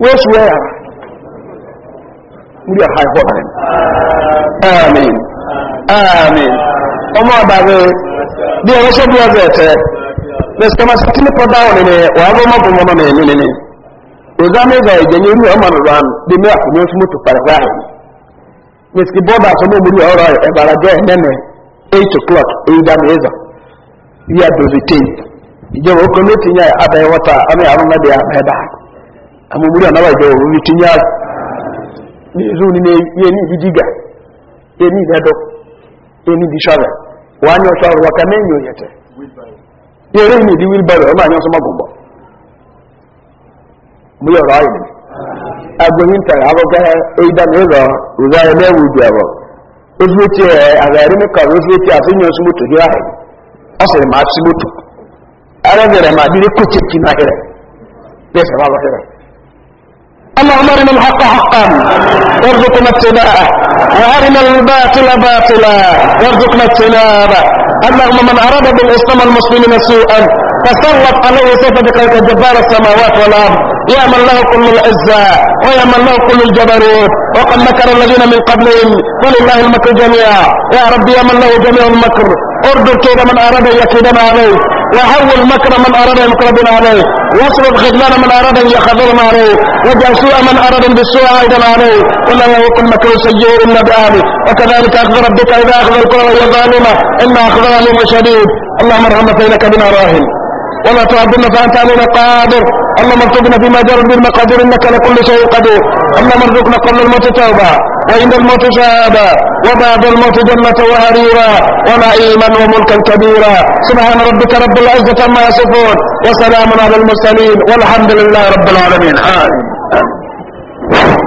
wọ́n ṣù ẹ̀ yàrá múrí àhà ẹ̀họ́ rẹ̀ amen amen ọmọ àbàrẹ̀ bí ẹ̀rọ ọzọ ẹ̀tẹ́ lẹ́sìkọ́ máa sí kílípọ̀ dáwọn nínú wà á lọ́mọ bọ̀ mọ́mọ́ nínú nínú òzá mẹ́gà ìjẹ́ ní irú ọmọ rẹ̀ rán bí mẹ́ àkùnrin fún mọ́tò pàrẹ̀wá rẹ̀ lẹ́sìkọ́ bọ́ọ̀bà sọmọ́ múrí ọ̀rọ̀ ẹ̀bàrà jẹ́ ẹ̀mẹ́mẹ́ 8 o'clock ya dozitin ijoba ko meti nya abai wata ami arun na da ya da amu a na ba ijoba meti nya ni ne ni ni gado ni bishara o shawo wa kamenyo yete ye re ni di wilbaro ma nyo so magumbo mu yo rai ni agboyin tara abo ga e da ne ro uza ele eh, ka ya asiri ma ti mutu ara bere ma dire ko ce kina hira be sa baba hira اللهم ارنا الحق حقا وارزقنا اتباعه وارنا الباطل باطلا وارزقنا اجتنابه اللهم من اراد بالاسلام المسلمين سوءا فسلط عليه سيف بقيت جبار السماوات والارض يا من له كل العزة ويا من له كل الجبروت وقد مكر الذين من قبلهم ولله المكر جميعا يا رب يا من له جميع المكر اردر كيد من أراد أن يكيدنا عليه وحول مكر من أراد أن يمكر بنا عليه واصرف خذلان من أراد أن يخذلنا عليه واجعل سوء من أراد بالسوء أيضا عليه وهو كل مكر سيء إلا بآله وكذلك أخذ ربك إذا أخذ القرى وهي ظالمة إن أخذ عليم شديد اللهم ارحم فإنك بنا راهن ولا تعبدنا فأنت علينا قادر اللهم ارزقنا فيما جرى بالمقادير إنك لكل شيء قدير اللهم ارزقنا قبل الموت توبة وعند الموت شابا وبعد الموت جنة وهريرا ونعيما وملكا كبيرا سبحان ربك رب العزة ما يصفون وسلام على المرسلين والحمد لله رب العالمين آمين